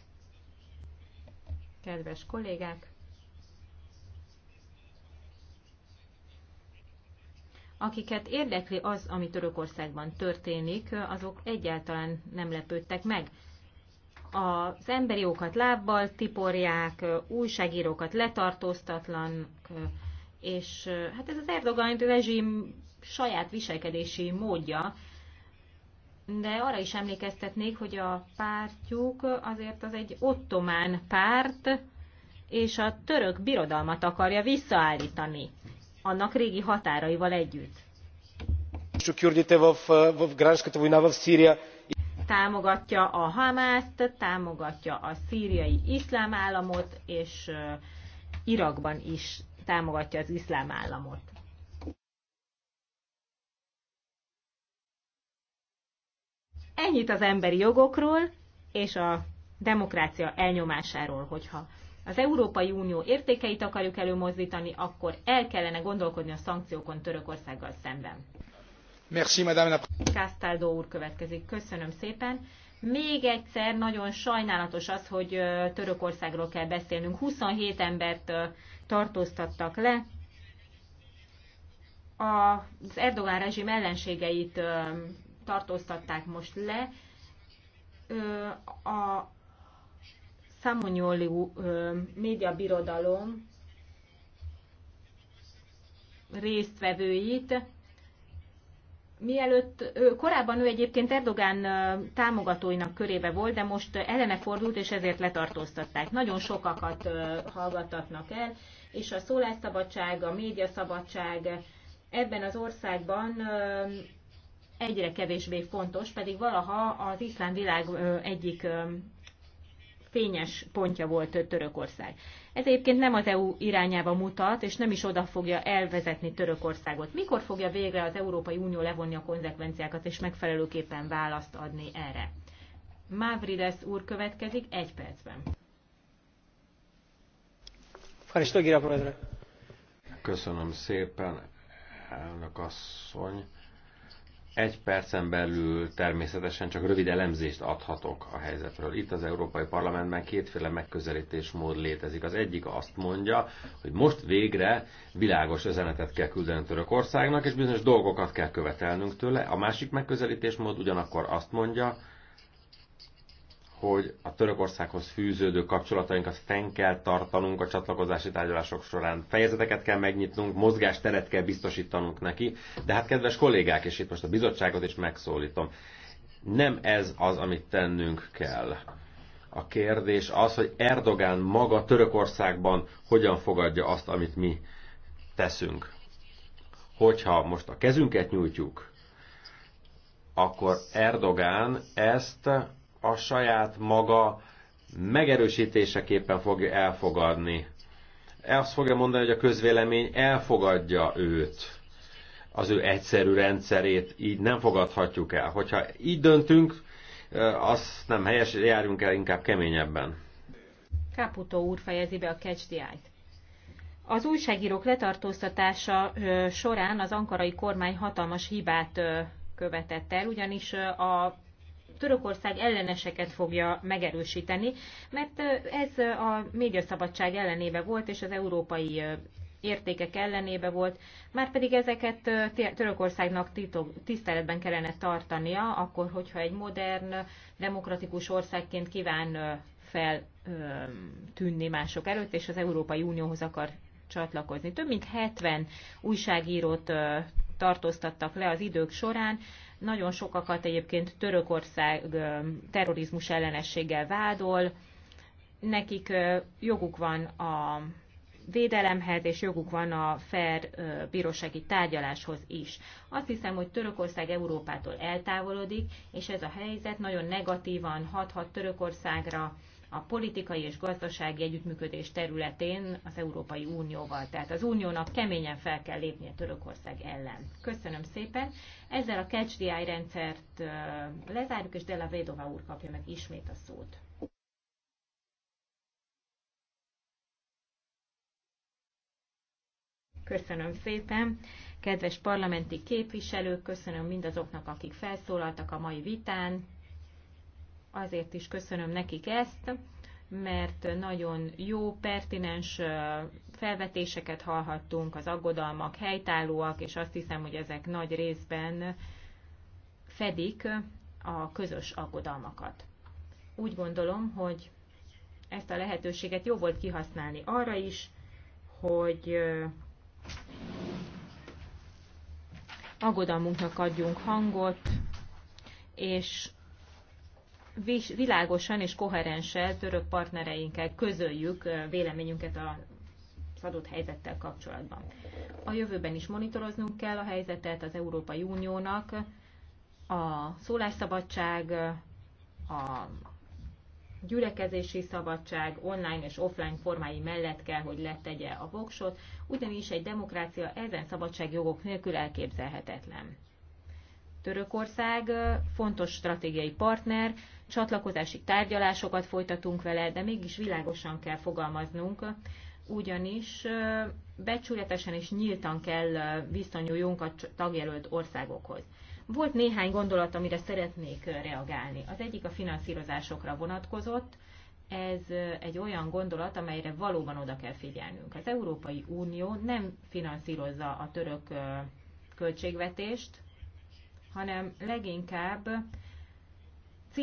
Kedves kollégák! Akiket érdekli az, ami Törökországban történik, azok egyáltalán nem lepődtek meg az emberi jogokat lábbal tiporják, újságírókat letartóztatlan, és hát ez az Erdogan rezsim saját viselkedési módja, de arra is emlékeztetnék, hogy a pártjuk azért az egy ottomán párt, és a török birodalmat akarja visszaállítani annak régi határaival együtt. Támogatja a Hamászt, támogatja a szíriai iszlám államot, és Irakban is támogatja az iszlám államot. Ennyit az emberi jogokról és a demokrácia elnyomásáról, hogyha az Európai Unió értékeit akarjuk előmozdítani, akkor el kellene gondolkodni a szankciókon Törökországgal szemben. Merci, madame la... úr következik. Köszönöm szépen. Még egyszer nagyon sajnálatos az, hogy Törökországról kell beszélnünk. 27 embert tartóztattak le. Az Erdogán rezsim ellenségeit tartóztatták most le. A Szamonyoli médiabirodalom résztvevőit, mielőtt korábban ő egyébként Erdogán támogatóinak körébe volt, de most ellene fordult, és ezért letartóztatták. Nagyon sokakat hallgatatnak el, és a szólásszabadság, a médiaszabadság ebben az országban egyre kevésbé fontos, pedig valaha az iszlám világ egyik fényes pontja volt Törökország. Ez egyébként nem az EU irányába mutat, és nem is oda fogja elvezetni Törökországot. Mikor fogja végre az Európai Unió levonni a konzekvenciákat, és megfelelőképpen választ adni erre? Mavrides úr következik egy percben. Köszönöm szépen, elnök asszony. Egy percen belül természetesen csak rövid elemzést adhatok a helyzetről. Itt az Európai Parlamentben kétféle megközelítésmód létezik. Az egyik azt mondja, hogy most végre világos üzenetet kell küldeni Törökországnak, és bizonyos dolgokat kell követelnünk tőle. A másik megközelítésmód ugyanakkor azt mondja, hogy a Törökországhoz fűződő kapcsolatainkat fenn kell tartanunk a csatlakozási tárgyalások során. Fejezeteket kell megnyitnunk, mozgásteret kell biztosítanunk neki, de hát kedves kollégák, és itt most a bizottságot is megszólítom, nem ez az, amit tennünk kell. A kérdés az, hogy Erdogán maga Törökországban hogyan fogadja azt, amit mi teszünk. Hogyha most a kezünket nyújtjuk, akkor Erdogán ezt a saját maga megerősítéseképpen fogja elfogadni. Azt fogja mondani, hogy a közvélemény elfogadja őt, az ő egyszerű rendszerét, így nem fogadhatjuk el. Hogyha így döntünk, az nem helyes, járjunk el inkább keményebben. Caputo úr fejezi be a Catch the Eye-t. Az újságírók letartóztatása során az ankarai kormány hatalmas hibát követett el, ugyanis a Törökország elleneseket fogja megerősíteni, mert ez a médiaszabadság ellenébe volt, és az európai értékek ellenébe volt, már pedig ezeket Törökországnak tiszteletben kellene tartania, akkor, hogyha egy modern, demokratikus országként kíván feltűnni mások előtt, és az Európai Unióhoz akar csatlakozni. Több mint 70 újságírót tartóztattak le az idők során, nagyon sokakat egyébként Törökország terrorizmus ellenességgel vádol, nekik joguk van a védelemhez, és joguk van a fair bírósági tárgyaláshoz is. Azt hiszem, hogy Törökország Európától eltávolodik, és ez a helyzet nagyon negatívan hathat Törökországra, a politikai és gazdasági együttműködés területén az Európai Unióval. Tehát az Uniónak keményen fel kell lépnie Törökország ellen. Köszönöm szépen. Ezzel a CatchDI rendszert lezárjuk, és Della Védova úr kapja meg ismét a szót. Köszönöm szépen. Kedves parlamenti képviselők, köszönöm mindazoknak, akik felszólaltak a mai vitán azért is köszönöm nekik ezt, mert nagyon jó, pertinens felvetéseket hallhattunk, az aggodalmak helytállóak, és azt hiszem, hogy ezek nagy részben fedik a közös aggodalmakat. Úgy gondolom, hogy ezt a lehetőséget jó volt kihasználni arra is, hogy aggodalmunknak adjunk hangot, és világosan és koherensen török partnereinkkel közöljük véleményünket a adott helyzettel kapcsolatban. A jövőben is monitoroznunk kell a helyzetet az Európai Uniónak, a szólásszabadság, a gyülekezési szabadság online és offline formái mellett kell, hogy letegye a voksot, ugyanis egy demokrácia ezen szabadságjogok nélkül elképzelhetetlen. Törökország fontos stratégiai partner, csatlakozási tárgyalásokat folytatunk vele, de mégis világosan kell fogalmaznunk, ugyanis becsületesen és nyíltan kell viszonyuljunk a tagjelölt országokhoz. Volt néhány gondolat, amire szeretnék reagálni. Az egyik a finanszírozásokra vonatkozott, ez egy olyan gondolat, amelyre valóban oda kell figyelnünk. Az Európai Unió nem finanszírozza a török költségvetést, hanem leginkább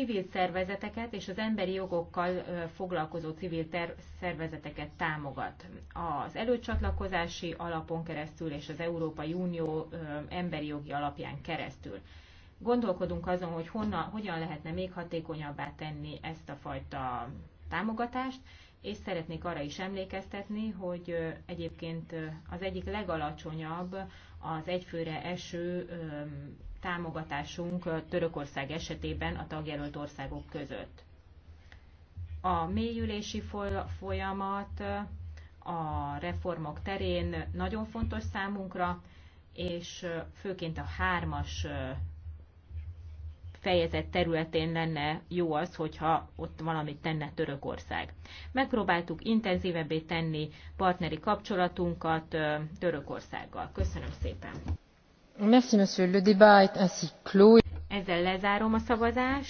civil szervezeteket és az emberi jogokkal foglalkozó civil szervezeteket támogat. Az előcsatlakozási alapon keresztül és az Európai Unió emberi jogi alapján keresztül. Gondolkodunk azon, hogy honnan, hogyan lehetne még hatékonyabbá tenni ezt a fajta támogatást, és szeretnék arra is emlékeztetni, hogy egyébként az egyik legalacsonyabb az egyfőre eső támogatásunk Törökország esetében a tagjelölt országok között. A mélyülési folyamat a reformok terén nagyon fontos számunkra, és főként a hármas fejezet területén lenne jó az, hogyha ott valamit tenne Törökország. Megpróbáltuk intenzívebbé tenni partneri kapcsolatunkat Törökországgal. Köszönöm szépen! Merci, monsieur. A débat est ainsi clos. Ezzel lezárom a szavazást.